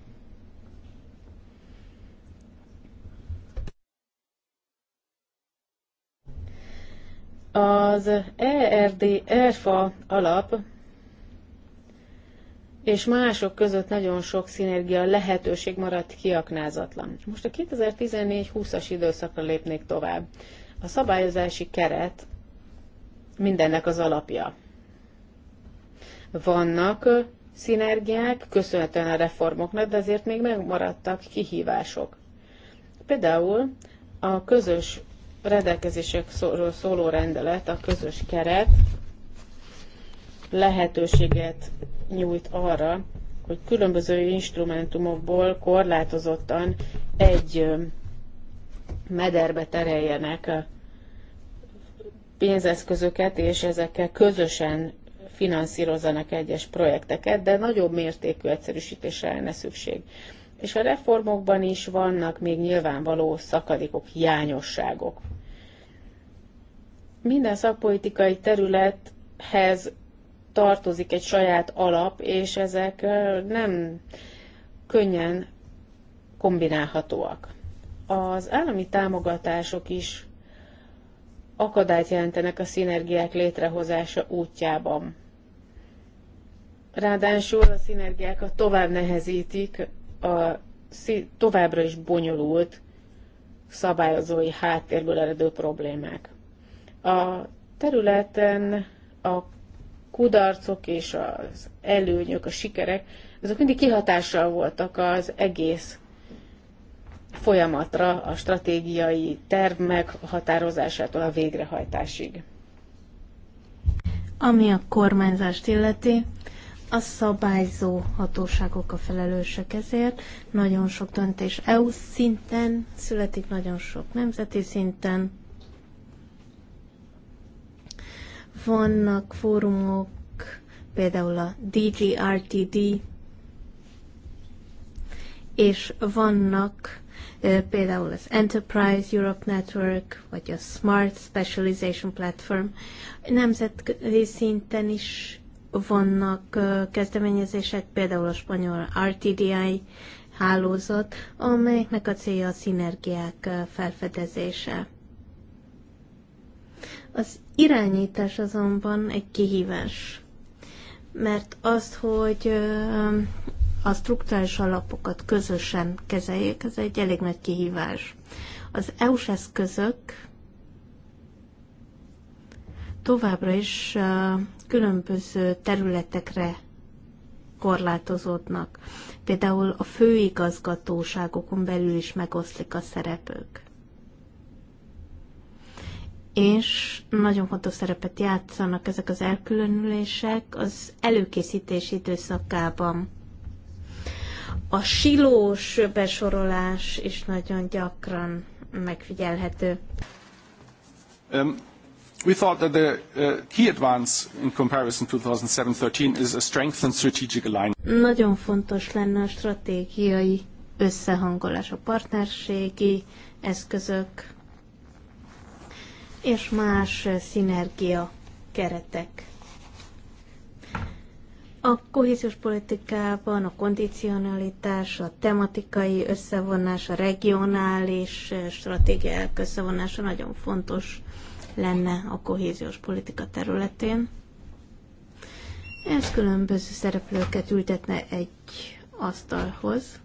Az ERD ERFA alap és mások között nagyon sok szinergia lehetőség maradt kiaknázatlan. Most a 2014-20-as időszakra lépnék tovább. A szabályozási keret mindennek az alapja. Vannak szinergiák, köszönhetően a reformoknak, de azért még megmaradtak kihívások. Például a közös rendelkezésekről szóló rendelet, a közös keret lehetőséget nyújt arra, hogy különböző instrumentumokból korlátozottan egy mederbe tereljenek pénzeszközöket, és ezekkel közösen finanszírozzanak egyes projekteket, de nagyobb mértékű egyszerűsítésre lenne szükség. És a reformokban is vannak még nyilvánvaló szakadékok, hiányosságok. Minden szakpolitikai területhez tartozik egy saját alap, és ezek nem könnyen kombinálhatóak. Az állami támogatások is akadályt jelentenek a szinergiák létrehozása útjában. Ráadásul a szinergiákat tovább nehezítik a továbbra is bonyolult szabályozói háttérből eredő problémák. A területen a kudarcok és az előnyök, a sikerek, azok mindig kihatással voltak az egész folyamatra a stratégiai terv meghatározásától a végrehajtásig. Ami a kormányzást illeti, a szabályzó hatóságok a felelősek ezért. Nagyon sok döntés EU szinten születik, nagyon sok nemzeti szinten. Vannak fórumok, például a DGRTD, és vannak például az Enterprise Europe Network, vagy a Smart Specialization Platform. Nemzetközi szinten is vannak kezdeményezések, például a spanyol RTDI hálózat, amelyeknek a célja a szinergiák felfedezése. Az irányítás azonban egy kihívás, mert azt, hogy a struktúrális alapokat közösen kezeljék, ez egy elég nagy kihívás. Az EU-s eszközök továbbra is különböző területekre korlátozódnak. Például a főigazgatóságokon belül is megoszlik a szerepük. És nagyon fontos szerepet játszanak ezek az elkülönülések az előkészítés időszakában a silós besorolás is nagyon gyakran megfigyelhető. Um, we thought that the uh, key advance in comparison 2007-13 is a strengthened strategic alignment. Nagyon fontos lenne a stratégiai összehangolás, a partnerségi eszközök és más szinergia keretek a kohéziós politikában a kondicionalitás, a tematikai összevonás, a regionális eh, stratégiák összevonása nagyon fontos lenne a kohéziós politika területén. Ez különböző szereplőket ültetne egy asztalhoz,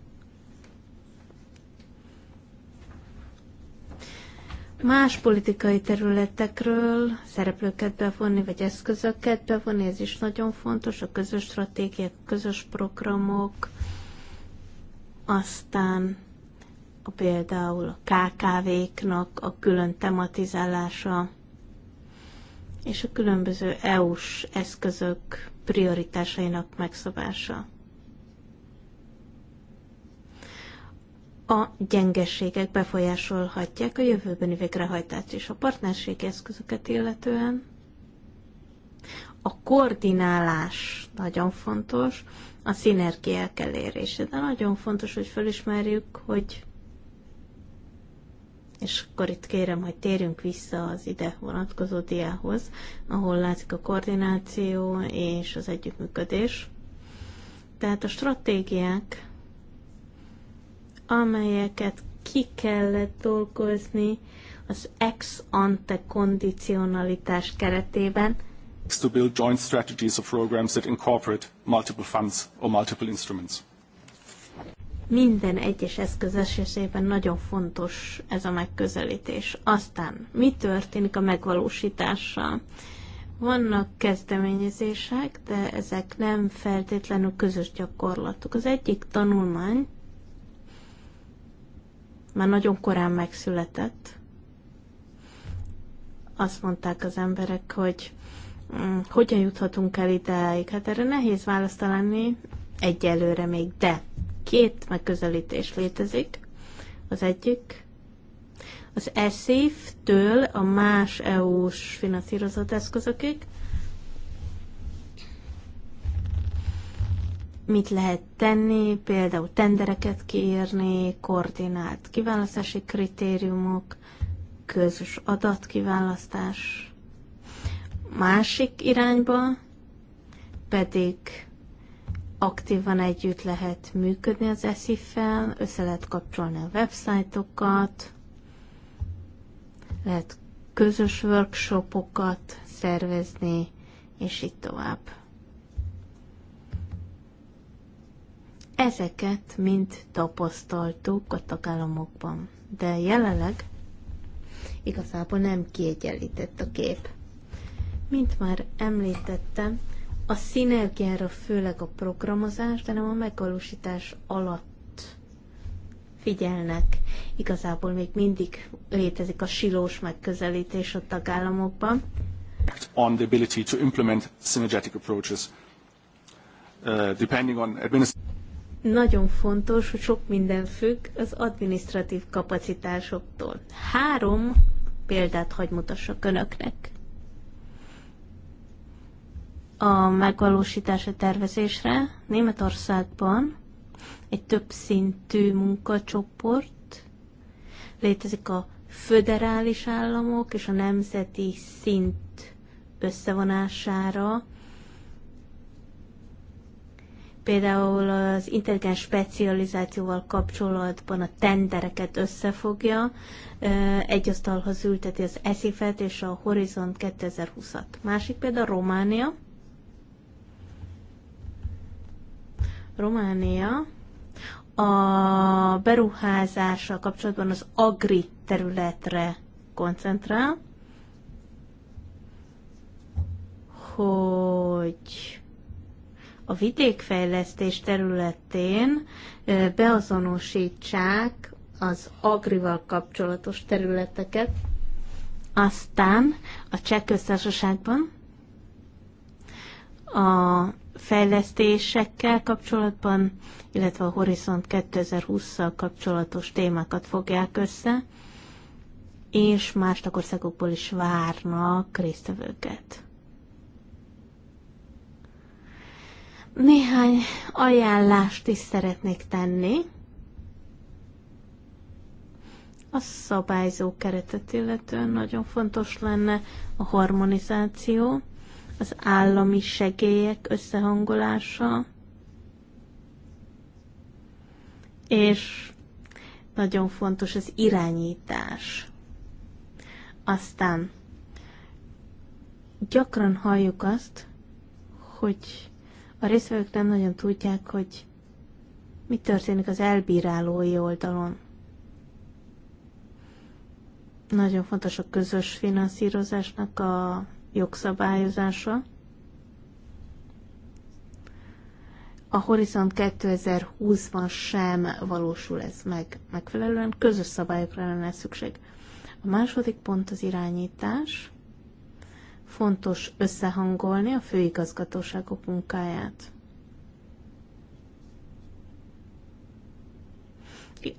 más politikai területekről szereplőket bevonni, vagy eszközöket bevonni, ez is nagyon fontos, a közös stratégiák, a közös programok, aztán a például a KKV-knak a külön tematizálása, és a különböző EU-s eszközök prioritásainak megszabása. a gyengeségek befolyásolhatják a jövőbeni végrehajtást és a partnerségi eszközöket illetően. A koordinálás nagyon fontos, a szinergiák elérése, de nagyon fontos, hogy felismerjük, hogy és akkor itt kérem, hogy térjünk vissza az ide vonatkozó diához, ahol látszik a koordináció és az együttműködés. Tehát a stratégiák amelyeket ki kellett dolgozni az ex ante kondicionalitás keretében. To build joint strategies of programs that incorporate multiple funds or multiple instruments. Minden egyes eszköz esetében nagyon fontos ez a megközelítés. Aztán mi történik a megvalósítással? Vannak kezdeményezések, de ezek nem feltétlenül közös gyakorlatok. Az egyik tanulmány már nagyon korán megszületett. Azt mondták az emberek, hogy hm, hogyan juthatunk el ideáig. Hát erre nehéz választ találni egyelőre még, de két megközelítés létezik. Az egyik az ESIF-től a más EU-s finanszírozott eszközökig, mit lehet tenni, például tendereket kiírni, koordinált kiválasztási kritériumok, közös adatkiválasztás. Másik irányba pedig aktívan együtt lehet működni az ESZIF-fel, össze lehet kapcsolni a websájtokat, lehet közös workshopokat szervezni, és így tovább. Ezeket mind tapasztaltuk a tagállamokban, de jelenleg igazából nem kiegyenlített a kép. Mint már említettem, a szinergiára főleg a programozás, de nem a megvalósítás alatt figyelnek. Igazából még mindig létezik a silós megközelítés a tagállamokban. On the ability to implement synergetic approaches, uh, depending on nagyon fontos, hogy sok minden függ az administratív kapacitásoktól. Három példát hagy mutassak önöknek. A megvalósítása tervezésre Németországban egy többszintű munkacsoport létezik a föderális államok és a nemzeti szint összevonására például az intelligens specializációval kapcsolatban a tendereket összefogja, egy asztalhoz ülteti az ESIFET és a Horizont 2020-at. Másik példa Románia. Románia a beruházással kapcsolatban az agri területre koncentrál, hogy a vidékfejlesztés területén beazonosítsák az agrival kapcsolatos területeket, aztán a cseh köztársaságban a fejlesztésekkel kapcsolatban, illetve a Horizont 2020-szal kapcsolatos témákat fogják össze, és más tagországokból is várnak résztvevőket. Néhány ajánlást is szeretnék tenni a szabályzó keretet illetően nagyon fontos lenne a harmonizáció, az állami segélyek összehangolása, és nagyon fontos az irányítás. Aztán gyakran halljuk azt, hogy a résztvevők nem nagyon tudják, hogy mi történik az elbírálói oldalon. Nagyon fontos a közös finanszírozásnak a jogszabályozása. A Horizont 2020-ban sem valósul ez meg megfelelően, közös szabályokra lenne szükség. A második pont az irányítás. Fontos összehangolni a főigazgatóságok munkáját.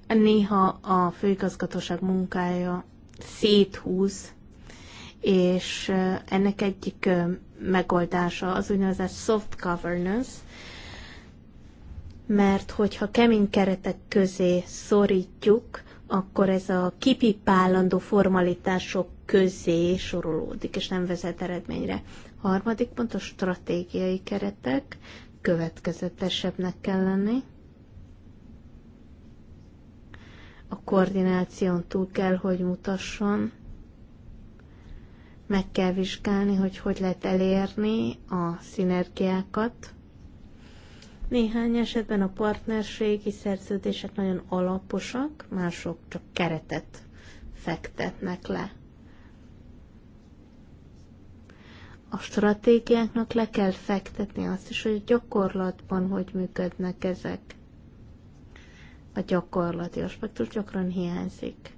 Néha a főigazgatóság munkája széthúz, és ennek egyik megoldása az úgynevezett soft governance, mert hogyha kemény keretek közé szorítjuk, akkor ez a kipipálandó formalitások közé sorolódik, és nem vezet eredményre. Harmadik pont a stratégiai keretek, következetesebbnek kell lenni. A koordináción túl kell, hogy mutasson. Meg kell vizsgálni, hogy hogy lehet elérni a szinergiákat. Néhány esetben a partnerségi szerződések nagyon alaposak, mások csak keretet fektetnek le. a stratégiáknak le kell fektetni azt is, hogy a gyakorlatban hogy működnek ezek. A gyakorlati aspektus gyakran hiányzik.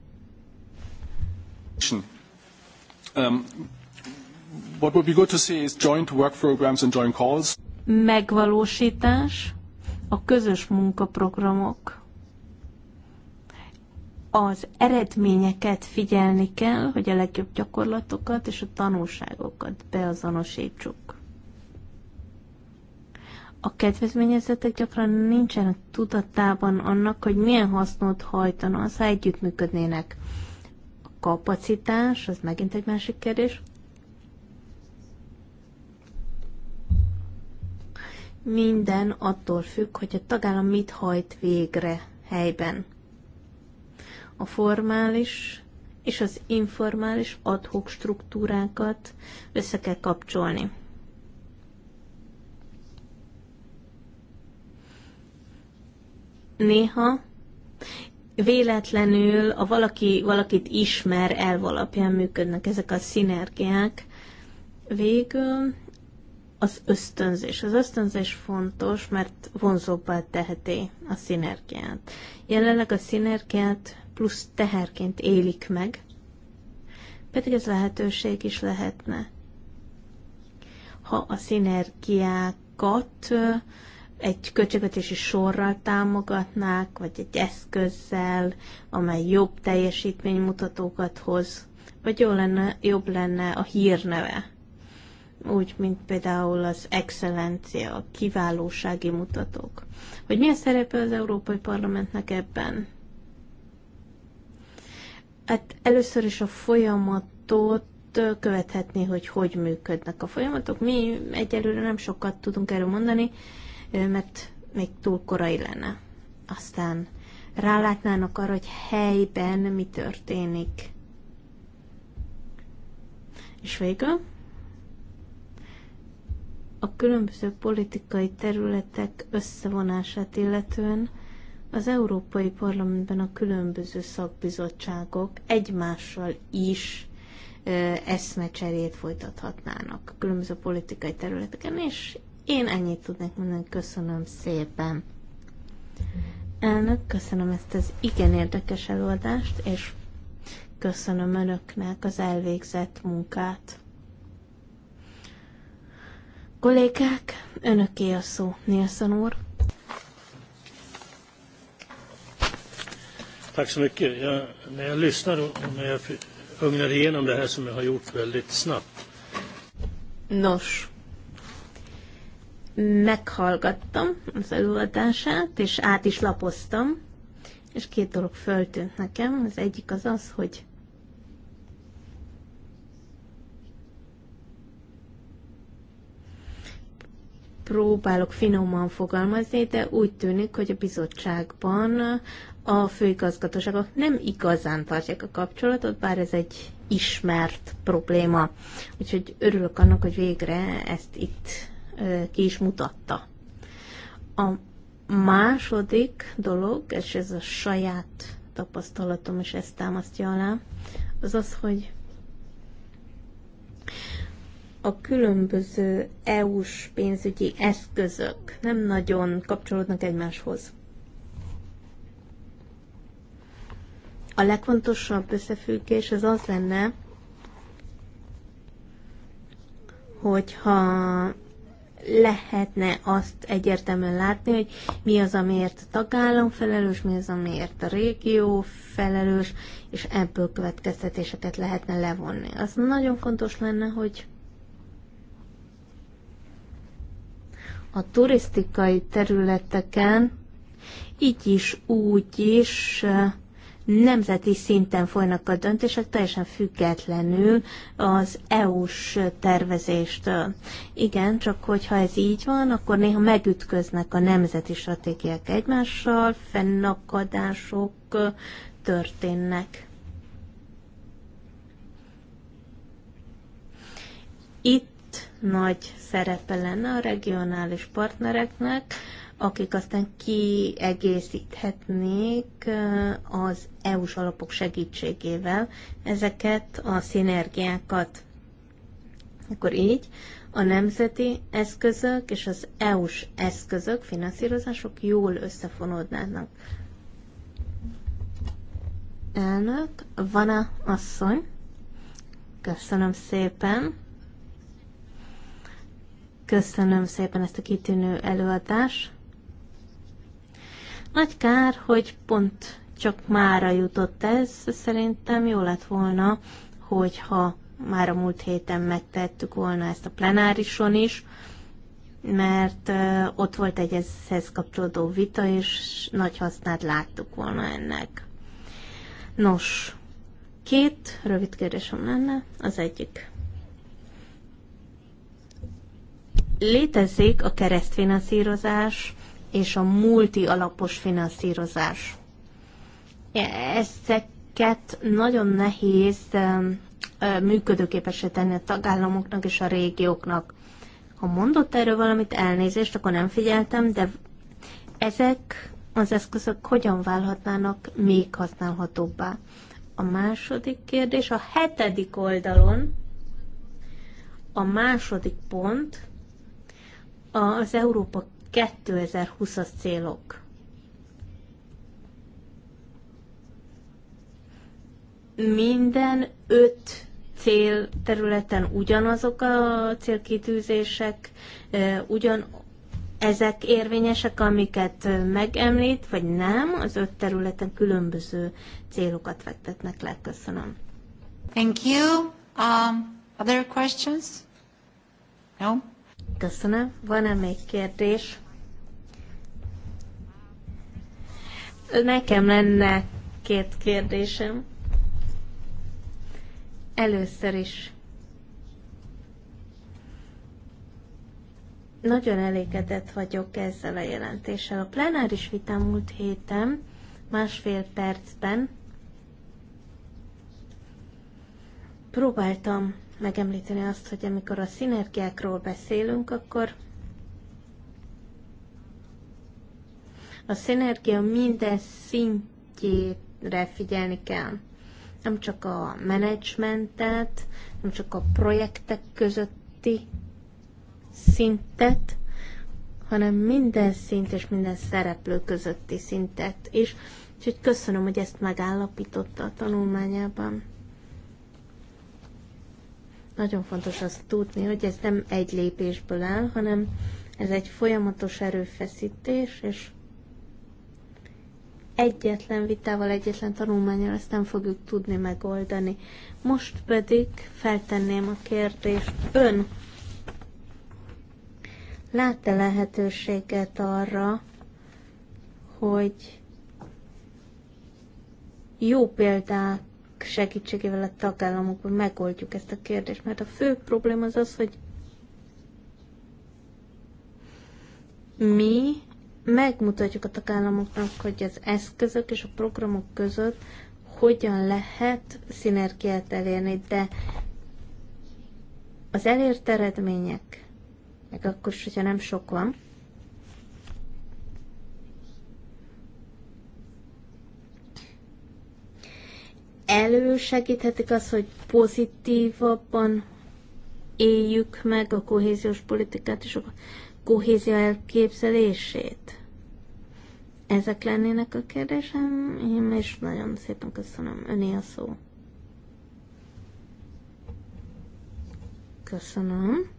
Um, what would be good to see is joint work programs and joint calls. Megvalósítás, a közös munkaprogramok az eredményeket figyelni kell, hogy a legjobb gyakorlatokat és a tanulságokat beazonosítsuk. A kedvezményezetek gyakran nincsenek tudatában annak, hogy milyen hasznot hajtana az, ha együttműködnének. A kapacitás, az megint egy másik kérdés. Minden attól függ, hogy a tagállam mit hajt végre helyben a formális és az informális adhok struktúrákat össze kell kapcsolni. Néha véletlenül a valaki valakit ismer elv alapján működnek ezek a szinergiák. Végül az ösztönzés. Az ösztönzés fontos, mert vonzóbbá teheti a szinergiát. Jelenleg a szinergiát plusz teherként élik meg, pedig ez lehetőség is lehetne. Ha a szinergiákat egy költségvetési sorral támogatnák, vagy egy eszközzel, amely jobb teljesítménymutatókat hoz, vagy jó lenne, jobb lenne a hírneve. Úgy, mint például az excellencia, a kiválósági mutatók. Hogy mi a szerepe az Európai Parlamentnek ebben? Hát először is a folyamatot követhetni, hogy hogy működnek a folyamatok. Mi egyelőre nem sokat tudunk erről mondani, mert még túl korai lenne. Aztán rálátnának arra, hogy helyben mi történik. És végül a különböző politikai területek összevonását illetően az Európai Parlamentben a különböző szakbizottságok egymással is eszmecserét folytathatnának különböző politikai területeken, és én ennyit tudnék mondani, köszönöm szépen. Elnök, köszönöm ezt az igen érdekes előadást, és köszönöm Önöknek az elvégzett munkát. Kollégák, Önöké a szó, Nilsson úr. Tack så mycket. Jag, när jag lyssnar och när jag ugnar igenom det här som jag har gjort väldigt snabbt. Nos, meghallgattam az előadását, és át is lapoztam, és két dolog föltűnt nekem. Az egyik az az, hogy próbálok finoman fogalmazni, de úgy tűnik, hogy a bizottságban a főigazgatóságok nem igazán tartják a kapcsolatot, bár ez egy ismert probléma. Úgyhogy örülök annak, hogy végre ezt itt ki is mutatta. A második dolog, és ez a saját tapasztalatom, és ezt támasztja alá, az az, hogy a különböző EU-s pénzügyi eszközök nem nagyon kapcsolódnak egymáshoz. A legfontosabb összefüggés az az lenne, hogyha lehetne azt egyértelműen látni, hogy mi az, amiért a tagállam felelős, mi az, amiért a régió felelős, és ebből következtetéseket lehetne levonni. Az nagyon fontos lenne, hogy a turisztikai területeken így is, úgy is nemzeti szinten folynak a döntések, teljesen függetlenül az EU-s tervezéstől. Igen, csak hogyha ez így van, akkor néha megütköznek a nemzeti stratégiák egymással, fennakadások történnek. Itt nagy szerepe lenne a regionális partnereknek, akik aztán kiegészíthetnék az EU-s alapok segítségével ezeket a szinergiákat. Akkor így a nemzeti eszközök és az EU-s eszközök, finanszírozások jól összefonódnának. Elnök, van-e asszony, köszönöm szépen. Köszönöm szépen ezt a kitűnő előadást. Nagy kár, hogy pont csak mára jutott ez, szerintem jó lett volna, hogyha már a múlt héten megtettük volna ezt a plenárison is, mert ott volt egy ezhez kapcsolódó vita, és nagy hasznát láttuk volna ennek. Nos, két rövid kérdésem lenne. Az egyik. Létezik a keresztfinanszírozás és a multi alapos finanszírozás. Ezeket nagyon nehéz működőképesé tenni a tagállamoknak és a régióknak. Ha mondott erről valamit, elnézést, akkor nem figyeltem, de ezek az eszközök hogyan válhatnának még használhatóbbá? A második kérdés a hetedik oldalon, a második pont az Európa 2020-as célok. Minden öt cél területen ugyanazok a célkitűzések, ugyan ezek érvényesek, amiket megemlít, vagy nem, az öt területen különböző célokat fektetnek le. Köszönöm. Thank you. Um, other questions? No? Köszönöm. Van-e még kérdés? Nekem lenne két kérdésem. Először is. Nagyon elégedett vagyok ezzel a jelentéssel. A plenáris vitám múlt héten, másfél percben próbáltam megemlíteni azt, hogy amikor a szinergiákról beszélünk, akkor a szinergia minden szintjére figyelni kell. Nem csak a menedzsmentet, nem csak a projektek közötti szintet, hanem minden szint és minden szereplő közötti szintet is. Úgyhogy köszönöm, hogy ezt megállapította a tanulmányában. Nagyon fontos azt tudni, hogy ez nem egy lépésből áll, hanem ez egy folyamatos erőfeszítés, és egyetlen vitával, egyetlen tanulmányal ezt nem fogjuk tudni megoldani. Most pedig feltenném a kérdést ön. Lát-e lehetőséget arra, hogy jó példát segítségével a tagállamokban megoldjuk ezt a kérdést, mert a fő probléma az az, hogy mi megmutatjuk a tagállamoknak, hogy az eszközök és a programok között hogyan lehet szinergiát elérni, de az elért eredmények, meg akkor is, hogyha nem sok van, elősegíthetik azt, hogy pozitívabban éljük meg a kohéziós politikát és a kohézió elképzelését? Ezek lennének a kérdésem, én is nagyon szépen köszönöm. Öné a szó. Köszönöm.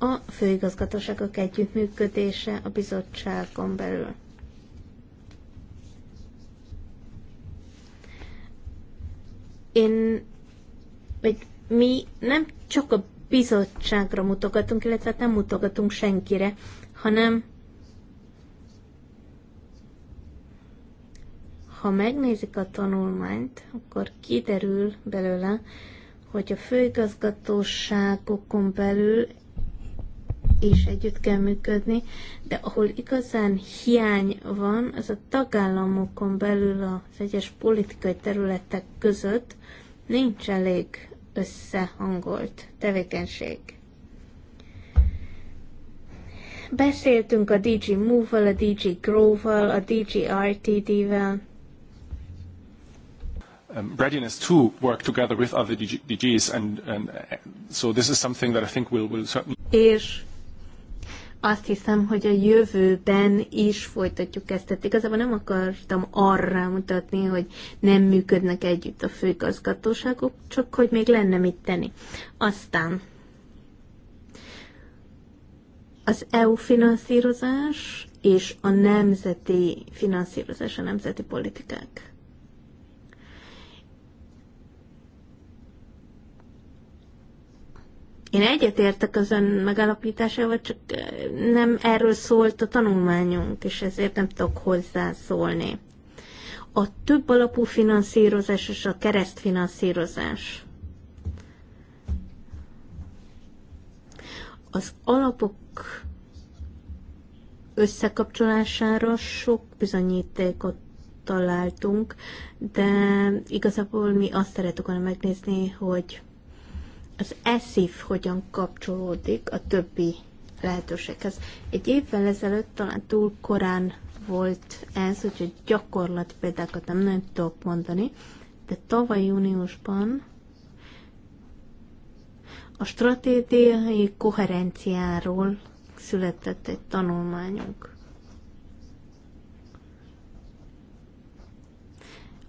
a főigazgatóságok együttműködése a bizottságon belül. Én, vagy mi nem csak a bizottságra mutogatunk, illetve nem mutogatunk senkire, hanem ha megnézik a tanulmányt, akkor kiderül belőle, hogy a főigazgatóságokon belül és együtt kell működni, de ahol igazán hiány van, az a tagállamokon belül az egyes politikai területek között nincs elég összehangolt tevékenység. Beszéltünk a DG Move-val, a DG Grow-val, a DG RTD-vel, um, readiness to work together with other DGs, and, and, and uh, so this is something that I think will will certainly. És azt hiszem, hogy a jövőben is folytatjuk ezt. Tehát igazából nem akartam arra mutatni, hogy nem működnek együtt a főigazgatóságok, csak hogy még lenne mit tenni. Aztán az EU finanszírozás és a nemzeti finanszírozás, a nemzeti politikák. Én egyetértek az ön megalapításával, csak nem erről szólt a tanulmányunk, és ezért nem tudok hozzászólni. A több alapú finanszírozás és a keresztfinanszírozás. Az alapok összekapcsolására sok bizonyítékot találtunk, de igazából mi azt szeretük volna megnézni, hogy az eszív hogyan kapcsolódik a többi lehetőséghez. Egy évvel ezelőtt talán túl korán volt ez, úgyhogy gyakorlati példákat nem nagyon tudok mondani, de tavaly júniusban a stratégiai koherenciáról született egy tanulmányunk.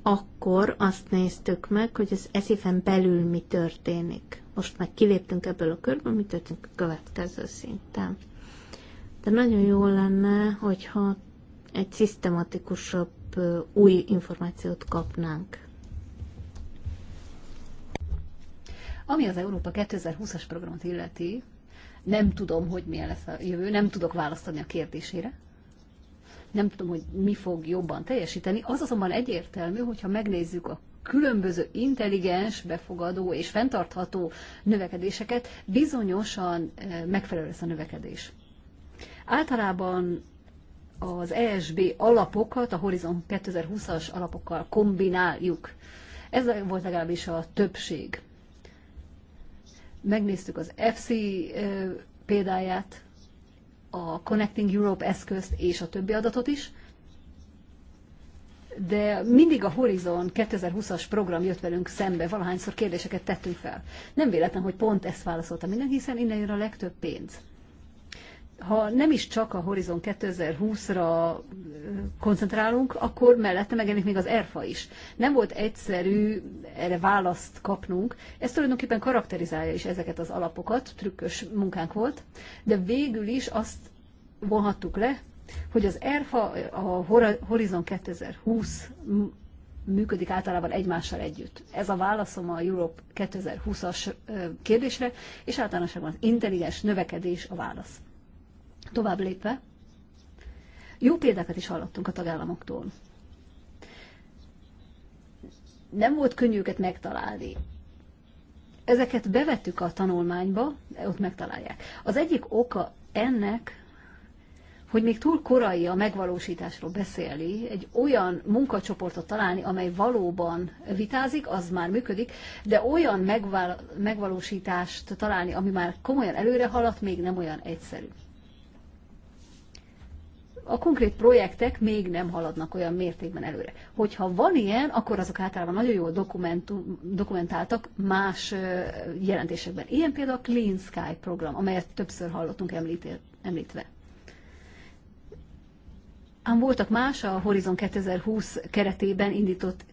Akkor azt néztük meg, hogy az eszifen belül mi történik most már kiléptünk ebből a körből, mi történik a következő szinten. De nagyon jó lenne, hogyha egy szisztematikusabb új információt kapnánk. Ami az Európa 2020-as programot illeti, nem tudom, hogy milyen lesz a jövő, nem tudok választani a kérdésére. Nem tudom, hogy mi fog jobban teljesíteni. Az azonban egyértelmű, hogyha megnézzük a különböző intelligens, befogadó és fenntartható növekedéseket, bizonyosan eh, megfelelő lesz a növekedés. Általában az ESB alapokat a Horizon 2020-as alapokkal kombináljuk. Ez volt legalábbis a többség. Megnéztük az FC eh, példáját, a Connecting Europe eszközt és a többi adatot is, de mindig a Horizon 2020-as program jött velünk szembe, valahányszor kérdéseket tettünk fel. Nem véletlen, hogy pont ezt válaszolta minden, hiszen innen jön a legtöbb pénz. Ha nem is csak a Horizon 2020-ra koncentrálunk, akkor mellette megjelenik még az ERFA is. Nem volt egyszerű erre választ kapnunk. Ez tulajdonképpen karakterizálja is ezeket az alapokat, trükkös munkánk volt, de végül is azt vonhattuk le, hogy az ERFA, a Horizon 2020 működik általában egymással együtt. Ez a válaszom a Europe 2020-as kérdésre, és általánosságban az intelligens növekedés a válasz. Tovább lépve, jó példákat is hallottunk a tagállamoktól. Nem volt könnyű őket megtalálni. Ezeket bevettük a tanulmányba, ott megtalálják. Az egyik oka ennek hogy még túl korai a megvalósításról beszélni, egy olyan munkacsoportot találni, amely valóban vitázik, az már működik, de olyan megval- megvalósítást találni, ami már komolyan előre haladt, még nem olyan egyszerű. A konkrét projektek még nem haladnak olyan mértékben előre. Hogyha van ilyen, akkor azok általában nagyon jól dokumentáltak más jelentésekben. Ilyen például a Clean Sky program, amelyet többször hallottunk említve. Ám voltak más a Horizon 2020 keretében indított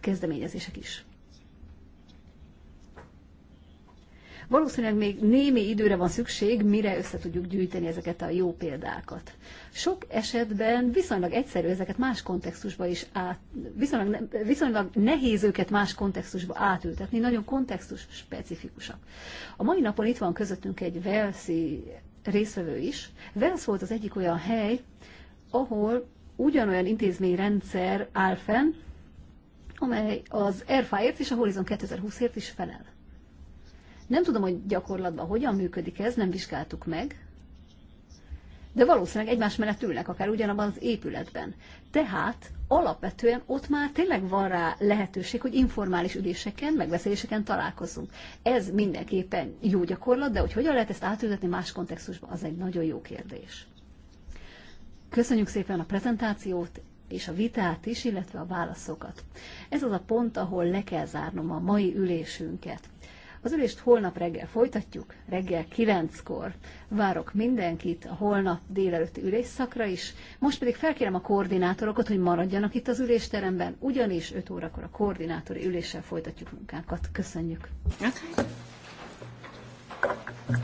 kezdeményezések is. Valószínűleg még némi időre van szükség, mire össze tudjuk gyűjteni ezeket a jó példákat. Sok esetben viszonylag egyszerű ezeket más kontextusba is át, viszonylag, viszonylag nehéz őket más kontextusba átültetni, nagyon kontextus specifikusak. A mai napon itt van közöttünk egy Velszi részvevő is. Velsz volt az egyik olyan hely, ahol ugyanolyan intézményrendszer áll fenn, amely az ERFA-ért és a Horizon 2020-ért is felel. Nem tudom, hogy gyakorlatban hogyan működik ez, nem vizsgáltuk meg, de valószínűleg egymás mellett ülnek, akár ugyanabban az épületben. Tehát alapvetően ott már tényleg van rá lehetőség, hogy informális üléseken, megbeszéléseken találkozunk. Ez mindenképpen jó gyakorlat, de hogy hogyan lehet ezt átültetni más kontextusban, az egy nagyon jó kérdés. Köszönjük szépen a prezentációt és a vitát is, illetve a válaszokat. Ez az a pont, ahol le kell zárnom a mai ülésünket. Az ülést holnap reggel folytatjuk, reggel 9-kor. Várok mindenkit a holnap délelőtti ülésszakra is. Most pedig felkérem a koordinátorokat, hogy maradjanak itt az ülésteremben, ugyanis 5 órakor a koordinátori üléssel folytatjuk munkánkat. Köszönjük! Okay.